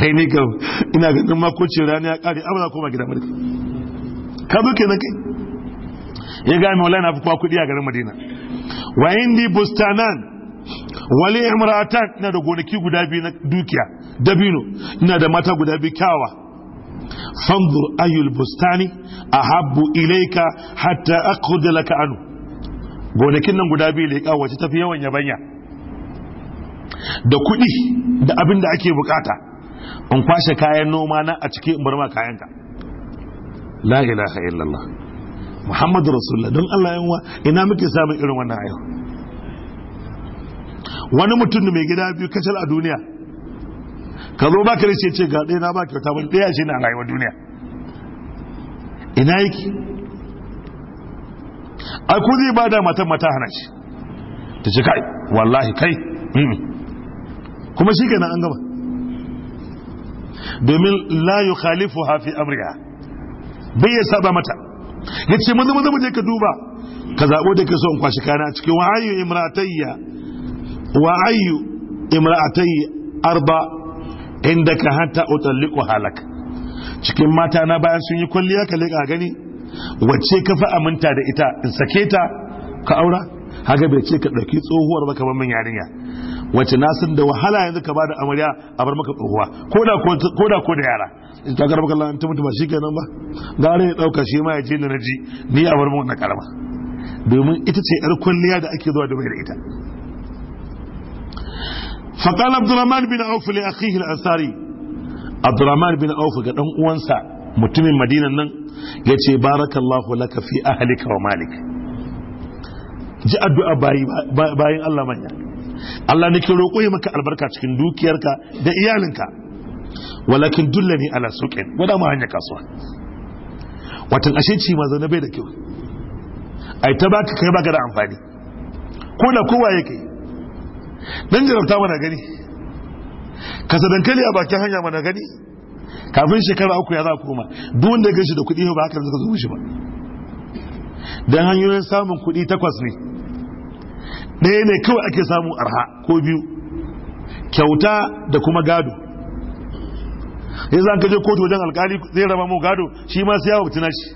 ai ne ka ina ganin makoci rani ya kare abana koma gidan mulki ka zo na kai ya ga mai wallahi na fi kwa kuɗi a garin madina wa indi bustanan wali imratan ina da gonaki guda biyu na dukiya dabino ina da mata guda biyu kyawa fanzur ayyul bustani ahabbu ilaika hatta akhud laka anu gonakin nan guda biyu leka wace tafi yawan yabanya da kuɗi da abin da ake bukata in kwashe kayan noma na a cikin in kayanka la ilaha illallah muhammadu rasulullah don allah yanwa ina muke samun irin wannan ayo wani mutum mai gida biyu kacal a duniya ka zo ba ka da ce ga ɗaya na ba kyauta wani ɗaya shi na rayuwar duniya ina yake a ku zai ba da matan mata hana shi ta ce kai wallahi kai kuma shi kenan an gaba domin la yukhalifu hafi Amriya. bai ya saba mata ya ce maza maza muje ka duba ka zaɓo da ka so in kwashi kana cikin wa'ayu imratayya wa'ayu imratayya arba inda ka hanta utalliku halak cikin mata na bayan sun yi kwalliya ka leƙa gani wacce ka fi aminta da ita in sake ta ka aura haka bai ce ka ɗauki tsohuwar ba kamar yarinya wace na san da wahala yanzu ka bada amarya a bar maka tsohuwa ko da ko da yara in ta karba kallon ta mutu ba shi kenan ba gare ya dauka shi ma ya je da na ji ni a bar mu na karama domin ita ce yar kwalliya da ake zuwa da dubai da ita فقال abdurrahman bin auf li akhihi al-ansari abdurrahman bin auf ga dan uwansa mutumin madinan nan yace barakallahu laka fi ahlika wa malik ji addu'a bayin Allah manya Allah ke roƙo ya maka albarka cikin dukiyarka da iyalinka walakin dullani ala suqin wada ma hanya kasuwa watan ashe ci ma na bai da kyau ai ta baka kai baka da amfani ko da kowa kai. dan jarabta mana gani ka sadankali a bakin hanya mana gani kafin shekara uku ya za koma duk wanda ya gashi da kuɗi ba haka zai zo mishi ba dan hanyoyin samun kuɗi takwas ne ɗaya ne kawai ake samu arha ko biyu kyauta da kuma gado za ka kaje kotu wajen alkali zai raba mu gado shi ma sai yawo tuna shi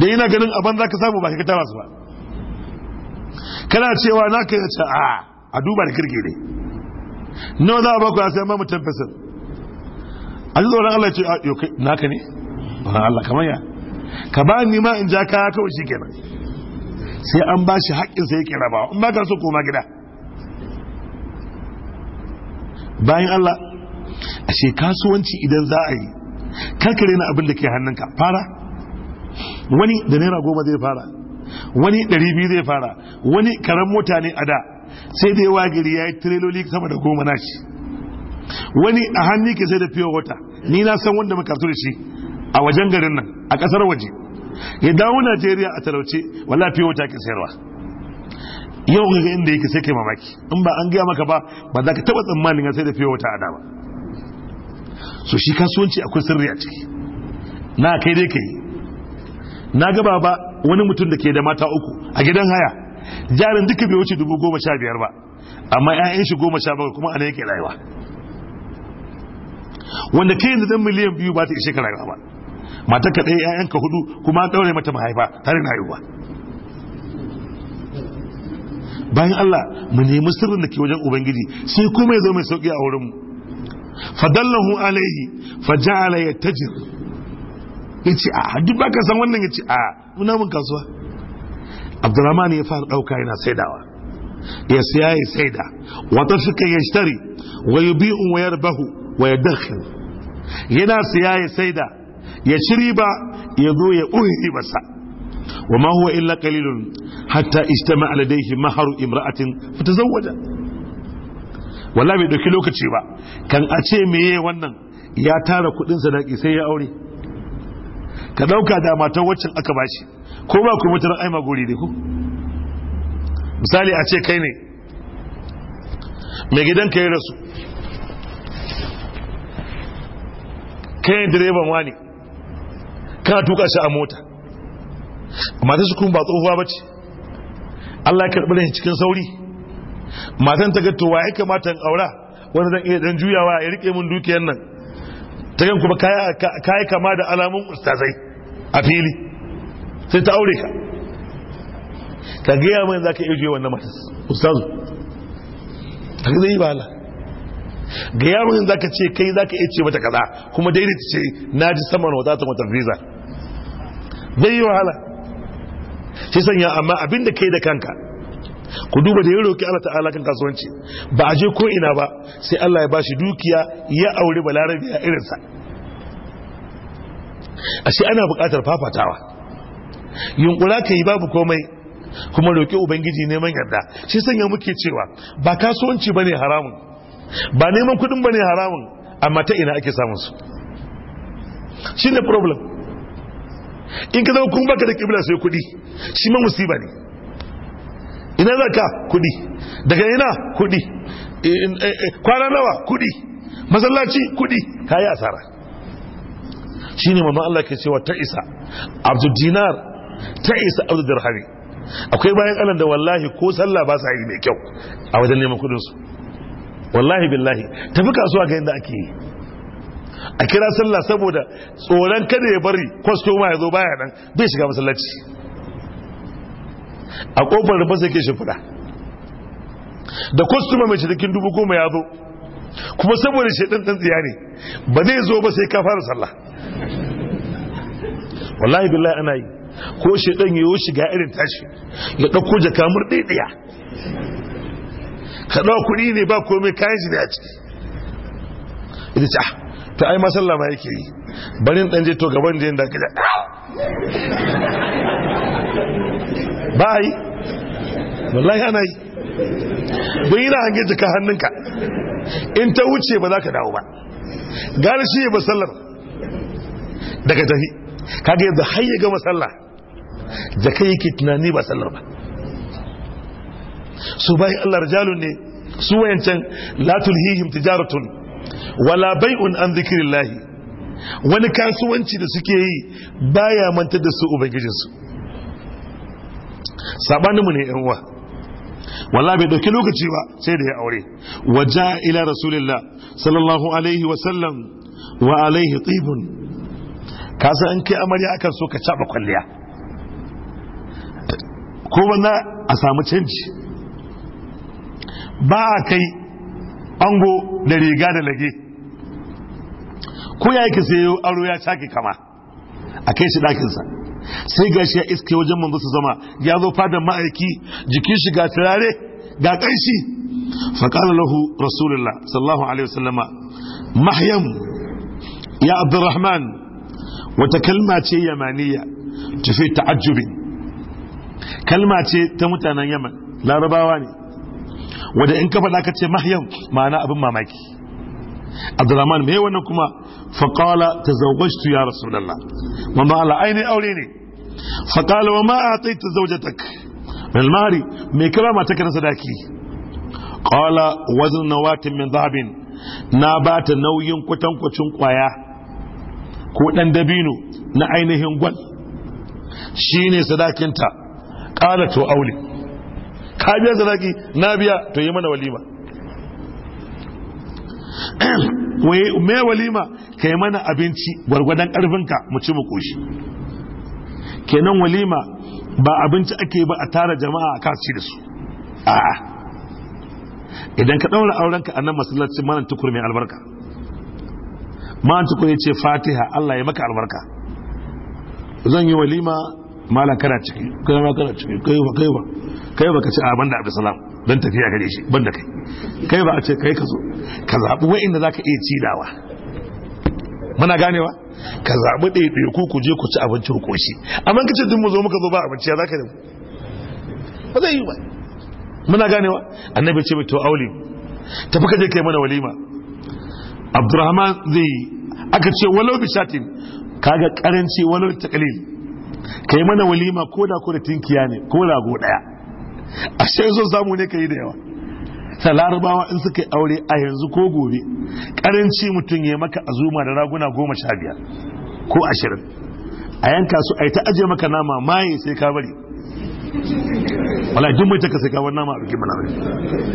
da yana ganin abin za ka samu ba ka tara su ba kana cewa na ka yace a a duba da kirki ne nawa za a ba ku ya sai mamu fesin? a ji tsoron Allah ce a yau naka ne Allah kamar ya ka ba ni ma in ja kaya kawai shi kenan sai an ba shi sai yake rabawa in ba ka so koma gida bayan Allah ashe kasuwanci idan za a yi karkare na abin da ke hannunka fara wani da naira goma zai fara wani ɗari biyu zai fara wani karan mota ne a da sai da yawa gari ya yi tireloli sama da goma nashi wani a hannu ke sai da fiye wata ni na san wanda muka da shi a wajen garin nan a ƙasar waje ya dawo najeriya a talauce wala fiye wata ke sayarwa yau ga inda yake sai ke mamaki in ba an gaya maka ba ba za ka taba tsammanin sai da fiye wata a so shi kasuwanci akwai sirri a ciki na kai dai kai na gaba ba wani mutum da ke da mata uku a gidan haya jarin duka bai wuce dubu goma sha biyar ba amma 'ya'yan shi goma sha bakwai kuma ana yake rayuwa wanda kai yanzu dan miliyan biyu ba ta ishe ka rayuwa ba mata ka ɗaya ƴaƴanka hudu kuma an ɗaure mata mahaifa tare na haihuwa bayan Allah mu nemi sirrin da ke wajen ubangiji sai kuma ya zo mai sauƙi a wurin mu fadallahu alaihi faja'ala ya ce a duk ka san wannan ce a muna mun kasuwa Abdurrahman ya fara ɗauka yana saidawa ya siya ya saida wata suka yashtari wa yubi'u wa yarbahu wa yadakhil yana siya ya saida ya ci riba ya zo ya ɓoye ribarsa wa ma huwa illa qalilun hatta istama aladaihi maharu imra'atin fatazawwaja wallahi bai dauki lokaci ba kan a ce meye wannan ya tara kudin sadaki sai ya aure ka dauka da matar waccan aka bashi ko ba ku mutar aima gori da ku misali a ce kai ne mai gidan ka ya rasu kai direban wani kana tuka shi a mota matan shi kuma ba tsohuwa ba ce Allah ya karɓi rai cikin sauri matan ta gato wa ya kamata in aura wanda zan iya dan juyawa ya rike min dukiyar nan ta gan kuma kayi kama da alamun ustazai a fili sai ta aure ka ka gaya mai za ka iya juya wannan matan. ustazu ta zai yi bala ga yaron za ka ce kai za ka iya ce mata kaza kuma daidaita ce na ji saman wata ta visa zai yi wahala sai sanya amma abin da kai da kanka ku duba da ya roƙi Allah ta'ala kan kasuwanci ba a je ko ina ba sai Allah ya ba shi dukiya ya aure balarabi a irinsa ashe ana buƙatar fafatawa yunkura ka yi babu komai kuma roƙi ubangiji neman yarda shi sanya muke cewa ba kasuwanci ba ne haramun ba neman kuɗin ne haramun amma ta ina ake samun su ne problem in ka zama kun baka da kibla sai kudi shi ma musiba ne ina za ka kudi daga ina kudi eh, eh, eh, kwana nawa kudi masallaci kudi ka yi asara shi ne mamman Allah ke cewa ta isa abdu dinar ta isa abdu dirhami akwai bayan alan da wallahi ko sallah ba sa yi mai kyau a wajen neman kudinsu wallahi billahi tafi kasuwa ga inda ake yi a kira sallah saboda tsoron kada ya bari kwastoma ya zo baya nan bai shiga masallaci a kofar rufe sai ke shimfiɗa da kwastoma mai cikin dubu goma ya zo kuma saboda shi ɗan tsiya ne ba zai zo ba sai ka fara sallah wallahi billahi ana yi ko shi ya yi shiga irin tashi ya ɗauko jaka ɗaiɗaya. ka kuɗi ne ba komai kayan shi ne a ciki ita ah, ta ai masallama ma yake yi barin dan je to gaban je da kaje bai wallahi ana yi don yana hange jika hannunka in ta wuce ba za ka dawo ba gani shi ba masallar daga tafi kaga yadda har ya ga masalla jaka yake tunani ba sallar ba su bayan allah rijalun ne su wayancan latul hihim tijaratun wala bai'un an zikirillahi wani kasuwanci da suke yi baya mantar da su ubangijinsu sabaninmu ne yan uwa Wala bai dauki lokaci ba sai da ya aure waja ila rasulillah sallallahu alaihi wasallam wa alaihi tibun ka san an kai amarya akan so ka caba kwalliya ko na a samu canji ba a kai ango da riga da lage ko ya yake sayo aro ya caki kama a kai shi ɗakinsa sai gashi ya iske wajen manzo su zama ya zo fadan ma'aiki jikin shi ga turare ga ƙanshi faƙala lahu rasulullah sallallahu alaihi wasallama mahyam ya abdurrahman wata kalma ce yamaniya tafi ta'ajjubi kalma ce ta mutanen yaman larabawa ne wanda in ka faɗa ka ce mahyan ma'ana abin mamaki abdurrahman me wannan kuma faqala tazawwajtu ya rasulullah manzo Allah ai ne aure ne faqala wa ma ataita zawjatak min mari me kira mata kana sadaki qala wazn nawatin min dhahabin na bata nauyin kwatankwacin kwaya ko dan dabino na ainihin gwal shine sadakinta qala to aure ka biya zaraki na biya to yi mana walima [coughs] Me walima ka yi mana abinci gwargwadon karfinka mu ci mu koshi kenan walima ba abinci ake ba a tara jama'a a kasu da su a'a idan ka daura aurenka a nan masallacin mana tukur mai albarka malam tukur ya ce fatiha Allah ya maka albarka zan yi walima malam kana ciki kai ma kana ciki kai ba kai ba kai ba ka ci a da abdusalam dan tafiya gare shi banda kai kai ba a ce kai ka zo ka zaɓi wa'inda za ka iya cidawa muna ganewa ka zaɓi dai ku ku je ku ci abinci ku koshi amma kace duk mu zo muka zo ba abinci ya za ka yi ba zai yi ba muna ganewa annabi ce mai to auli tafi ka je kai mana walima abdurrahman zai aka ce walau bi shatin kaga karanci walau taqlil kai mana walima ko da ko da tinkiya ne ko go daya ashe zo zamu ne kai da yawa ta larabawa in suka yi aure a yanzu ko gobe karanci mutum ya maka azuma da raguna goma sha biyar ko ashirin a yanka su a yi ta aje maka nama maye sai ka bari wala duk mai taka sai ka nama a rikin balarabe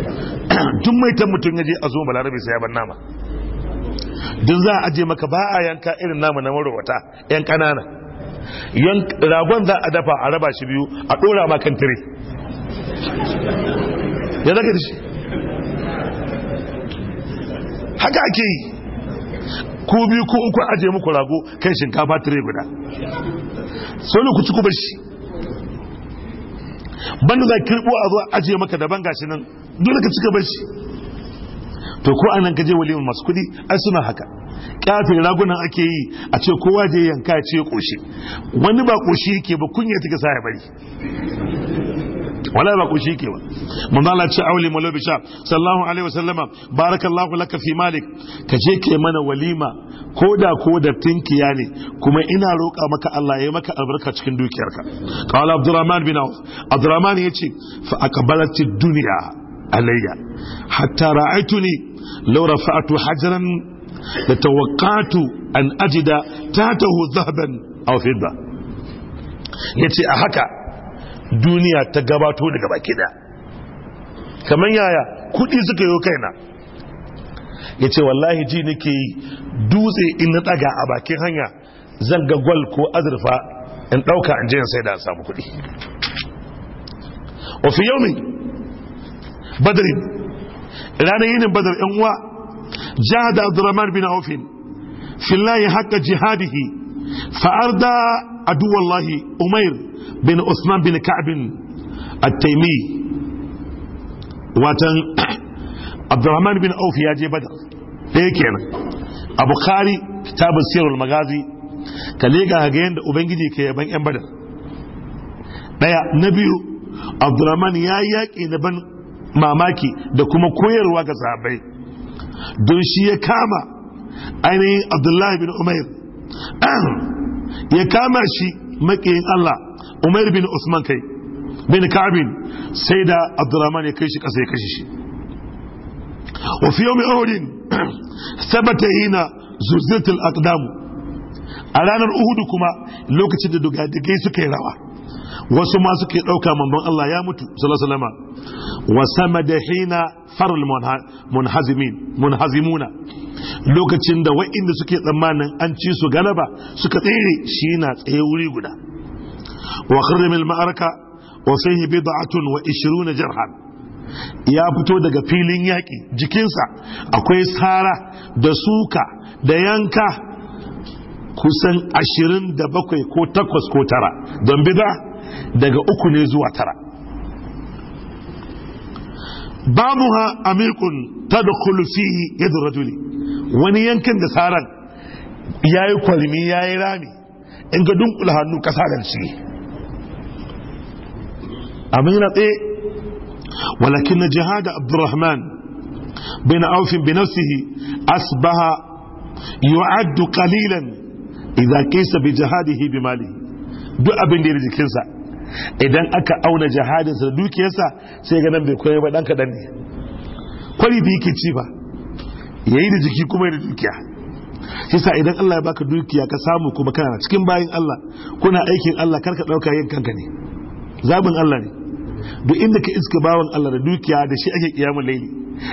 [clears throat] duk mai ta mutum ya je a zuwa balarabe sai ya ban nama duk za a aje maka ba a yanka irin nama na marowata yan kanana ragon za a dafa a raba shi biyu a ɗora ma kan tire ya zaka shi haka ake yi ku biyu ku uku aje muku rago kan shinkafa tire guda sau ku ci ku shi banda za kirbo a zo aje maka daban gashi nan dole ka cika bashi to ko anan ka je walimar masu kuɗi ai suna haka kafin ragunan ake yi a ce kowa je yanka ya ce koshi wani ba koshi yake ba kunya take sa ya bari wala ba koshi yake ba mun Allah ce auli malobi sha sallallahu alaihi wasallama barakallahu laka fi malik ka je ke mana walima ko da ko da tinkiya ne kuma ina roƙa maka Allah ya yi maka albarka cikin dukiyarka qala abdurrahman bin auf abdurrahman yace fa aqbalat ad-dunya alayya hatta ra'aytuni Hajaran لو رفعت حجرا لتوقعت أن أجد تاته ذهبا أو فضة yace a haka duniya ta gabato daga baki da kamar yaya kuɗi suka yi kaina yace wallahi ji nake yi dutse in na daga a bakin hanya zan ga gwal ko azurfa in ɗauka in je in sai da samu kuɗi. wa fi yawmin badrin ranar yinin badar yan uwa jihar da abdurrahman bin aufin fillahi haka jihadihi fa'arda aduwallahi umair bin usman bin ka'abin attaimi watan [clears throat] abdurrahman bin auf ya je badar ɗaya kenan a bukari kitabun siyarwar magazi ka lega ga da ubangiji ke yaban yan badar ɗaya na biyu abdurrahman ya yaƙi na ban. mamaki da kuma koyarwa ga sahabbai don shi ya kama ainihin abdullahi bin umair ya kama shi makiyin allah Umar bin usman kai bin ka'abin sai da abdurrahman ya kai shi ƙasa ya kashe shi wafi yau mai ohudin [clears throat] sabata hina zurzirtul akdamu a ranar uhudu kuma lokacin da dugadugai suka yi rawa wasu ma suke ɗauka manzon Allah ya mutu sallallahu alaihi wa sama hina farul munhazimin munhazimuna lokacin da wa'inda suke tsammanin an ci su galaba suka tsere shi na tsaye wuri guda wa kharrimil ma'araka wa sayhi bid'atun wa 20 jarhan ya fito daga filin yaƙi jikinsa akwai sara da suka da yanka kusan ashirin da bakwai ko takwas ko tara don bida daga uku ne zuwa tara babuha amikun tadkhulu kulufi yadda rajuli wani yankin da saran yayi kwalmi yayi rami in ga dunkula hannu kasa da shi amina tsaye walakin na jihada abdurrahman bin aufin bi nafsihi asbaha yu'addu qalilan idza qisa bi jihadihi bi malihi duk abin da ya jikinsa idan aka auna jihadinsa da dukiyarsa sai ga nan bai koyi ba dan kaɗan ne kwari bi yake ci ba yayi da jiki kuma da dukiya yasa idan Allah ya baka dukiya ka samu kuma kana cikin bayin Allah kuna aikin Allah kar ka dauka yin kanka ne zabin Allah ne duk inda ka iska bawan Allah da dukiya da shi ake kiyamul laili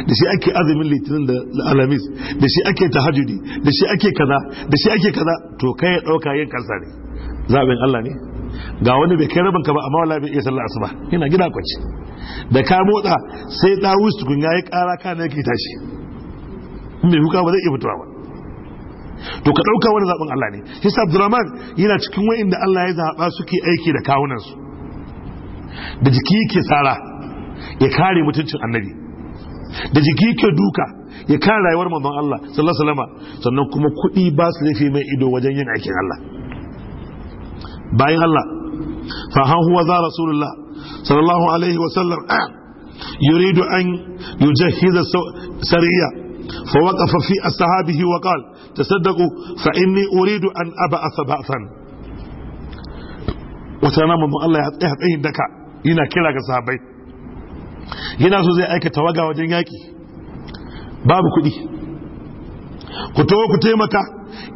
da shi ake azumin litinin da alamis da shi ake tahajjudi da shi ake kaza da shi ake kaza to kai ya dauka yin kansa ne zabin Allah ne ga wani bai kai rabin ka ba amma wala bai iya sallar asuba yana gida kwace da ka motsa sai ta wusu kun yayi kara kana yake tashi mai bai huka ba zai iya fitowa ba to ka dauka wani zaben Allah ne hisa Abdurrahman yana cikin wayanda Allah ya zaba suke aiki da kawunan su da jiki yake tsara ya kare mutuncin annabi da jiki yake duka ya kare rayuwar manzon Allah sallallahu alaihi wasallam sannan kuma kuɗi ba su laifi mai ido wajen yin aikin Allah bayan Allah fa huwa za rasulullah sallallahu alaihi wasallam ah, yuridu an yujahhiza sariya ga sahabbai yana so zai aika tawaga wajen yaki babu ku taimaka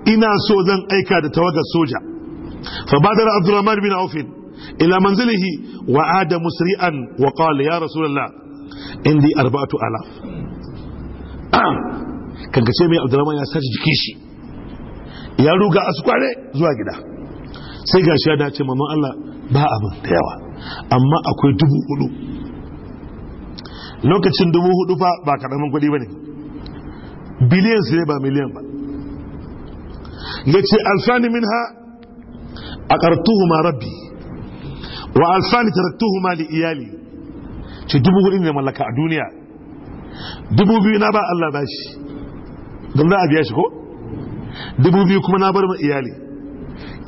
ina so zan aika da tawagar soja فبادر عبد الرحمن بن عوف إلى منزله وعاد مسرعا وقال يا رسول الله عندي أربعة ala. Kankace mai abdurrahman ya saci jikin shi ya ruga a zuwa gida sai ga shi ya dace mamman Allah ba abin yawa amma akwai dubu hudu lokacin dubu hudu fa ba karamin kuɗi ba ne biliyan su ba miliyan ba ya ce alfani min aqartuhuma rabbi wa alfani taraktuhuma li iyali ce dubu hudu ne mallaka a duniya dubu biyu na ba Allah bashi don za a biya shi ko dubu biyu kuma na bar ma iyali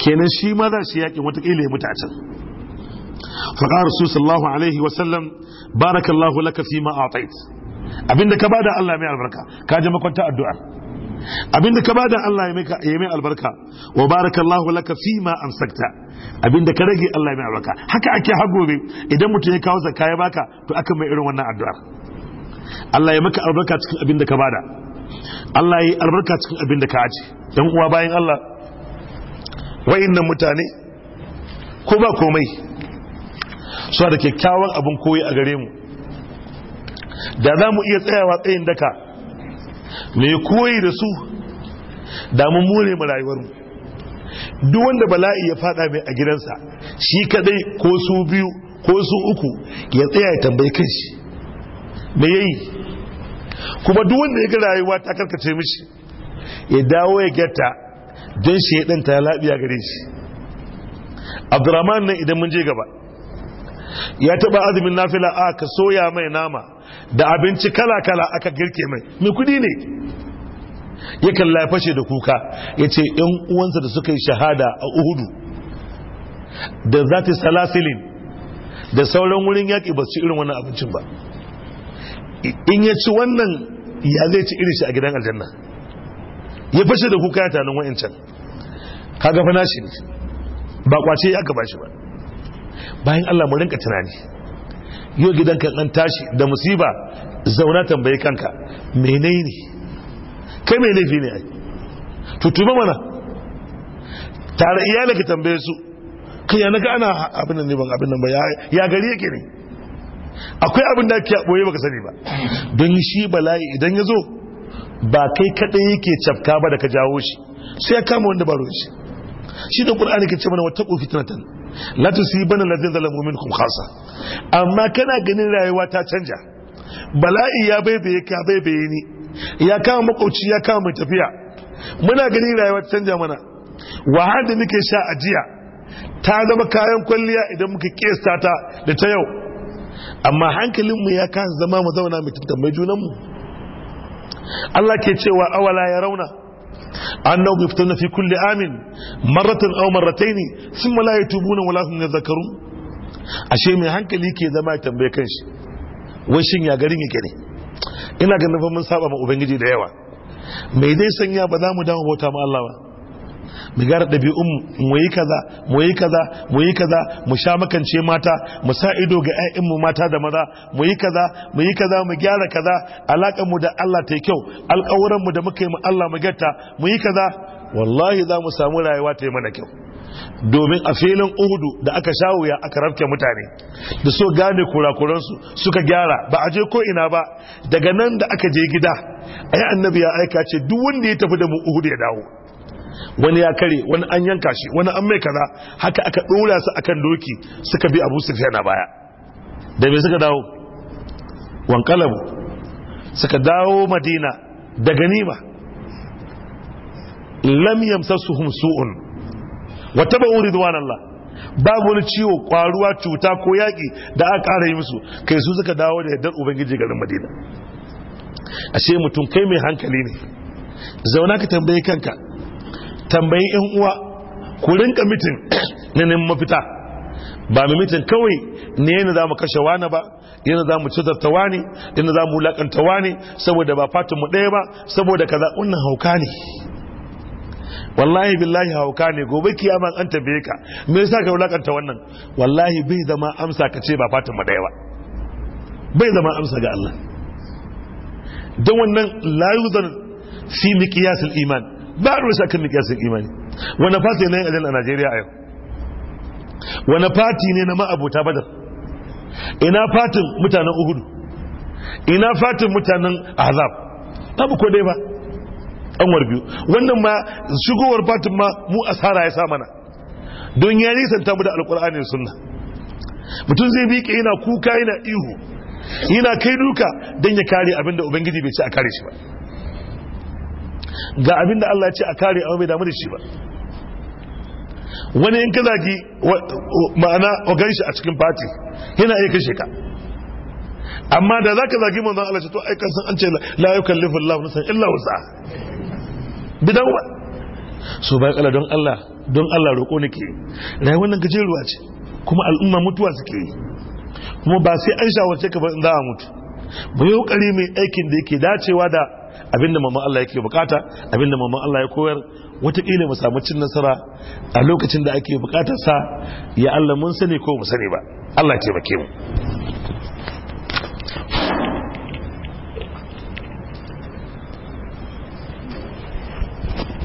kenan shi ma za shi yakin watakila ya mutu a can faƙa rasu sallahu alaihi wasallam barakallahu laka fi abinda ka bada Allah mai albarka ka ji makwanta addu'a abinda ka bada Allah ya mai albarka wa barakallahu laka fi ma amsakta abinda ka rage Allah ya mai albarka haka ake hagobe idan mutum ya kawo zakka ya baka to aka mai irin wannan addua Allah ya maka albarka cikin abinda ka bada Allah ya yi albarka cikin abinda ka aje dan uwa bayan Allah wayannan mutane ko ba komai suna da kyakkyawan abin koyi a gare mu da za mu iya tsayawa tsayin daka mai koyi da su da mun more mu rayuwarmu duk wanda bala'i ya fada mai a gidansa shi kadai ko su biyu ko su uku ya tsaya ya tambayi kanshi me yayi kuma duk wanda ya ga rayuwa ta karkace mishi ya dawo ya gyata don shi ya danta lafiya gare shi abdurrahman nan idan mun je gaba ya taɓa azumin nafila ka soya mai nama da abinci kala-kala aka girke mai mai kudi ne ya kalla ya fashe da kuka ya ce yan uwansa da suka yi shahada a uhudu da zati salasilin da sauran wurin yaƙi ba su irin wannan abincin ba in ya ci wannan ya zai ci irin shi a gidan aljanna ya fashe da kuka ya tanin wa'incan Ka gafa nashi ne ba kwace ya gaba shi ba bayan Allah mu rinka tunani yau gidanka an tashi da musiba zauna tambaye kanka menene kai mai fi ne ai tutuba mana tare iyalaka tambaye su kai ya naga ana abin nan ne ban abin nan ba ya gari yake ne akwai abin da ake boye baka sani ba don shi bala'i idan ya zo ba kai kadai yake cafka ba da ka jawo shi sai ya kama wanda ba ruwan shi shi da qur'ani ke ce mana wata fitnatan la tusibana ladin zalamu minkum khasa amma kana ganin rayuwa ta canja bala'i ya baibaye ka baibaye ni ya kama makoci ya kama mai tafiya muna ganin rayuwa ta canja mana wahal da muke sha ajiya ta zama kayan kwalliya idan muka kesta ta da ta yau amma hankalinmu ya kasa zama mu zauna mu tuntuɓe junanmu Allah ke cewa awala ya rauna An أنهم يفتون في كل عام مرة أو مرتين ثم لا يتوبون ولا هم يذكرون ashe mai hankali ke zama ya tambaye kanshi wai shin ya garin yake ne ina ganin fa mun ma ubangiji da yawa mai dai sanya ba za mu damu bauta ma Allah mu gyara ɗabi'un mu yi kaza mu yi kaza mu yi kaza mu sha makance mata mu sa ido ga mu mata da maza mu yi kaza mu yi kaza mu gyara kaza alaƙar mu da Allah ta kyau alƙawuran mu da muka yi mu Allah mu gyarta mu yi kaza wallahi za mu samu rayuwa ta yi mana kyau domin a filin uhudu da aka sha wuya aka rafke mutane da so gane kurakuransu suka gyara ba a je ko ina ba daga nan da aka je gida ayi annabi ya aika ce duk wanda ya tafi da mu uhudu ya dawo wani ya kare wani an yanka shi wani an mai kaza haka aka dora su akan doki suka bi abu sufyan a baya da me suka dawo wankalabu suka dawo madina da ganima lam yamsasuhum su'un wa tabu ridwanallah babu wani ciwo kwaruwa cuta ko yaki da aka ƙara yi musu kai su suka dawo da yardar ubangiji garin madina ashe mutum kai mai hankali ne zauna ka tambaye kanka tambayi yan uwa ku rinka mitin na neman mafita ba mu mitin kawai ne yana za mu kashe wani ba yana za mu ta wani yana za mu lakanta wani saboda ba fatin mu ɗaya ba saboda kaza wannan hauka ne wallahi billahi hauka ne gobe kiyama an tambaye ka me yasa ka wulakanta wannan wallahi bai zama amsa ka ce ba fatin mu ɗaya ba bai zama amsa ga Allah don wannan la yuzan fi miqyasil iman ba a rushe akan nikiyasin imani wani fati ne a Najeriya a yau wani fati ne na ma'abuta badar ina fatin mutanen uhudu ina fatin mutanen azab babu ko dai ba anwar biyu wannan ma shigowar fatin ma mu asara ya sa mana don ya nisanta tamu da alkur'ani sunna mutum zai bi yana kuka yana ihu yana kai duka don ya kare abinda ubangiji bai ci a kare shi ba ga abin da Allah ya ce a kare a bai damu da shi ba wani in ka ki ma'ana ogan shi a cikin fati yana iya shi ka amma da za ka zagi manzon Allah ce to ai san an ce la kallifin Allah nafsan illa wasa bidan wa so bai kala don Allah don Allah roko nake rayuwar nan ruwa ce kuma al'umma mutuwa suke yi kuma ba sai an shawarce ka ba in za a mutu mu yi kokari mai aikin da yake dacewa da abinda mamman Allah yake bukata abinda mamman Allah ya koyar wataƙila mu samu cin nasara a lokacin da ake bukatar sa ya Allah mun sani ko mu sani ba Allah ya taimake mu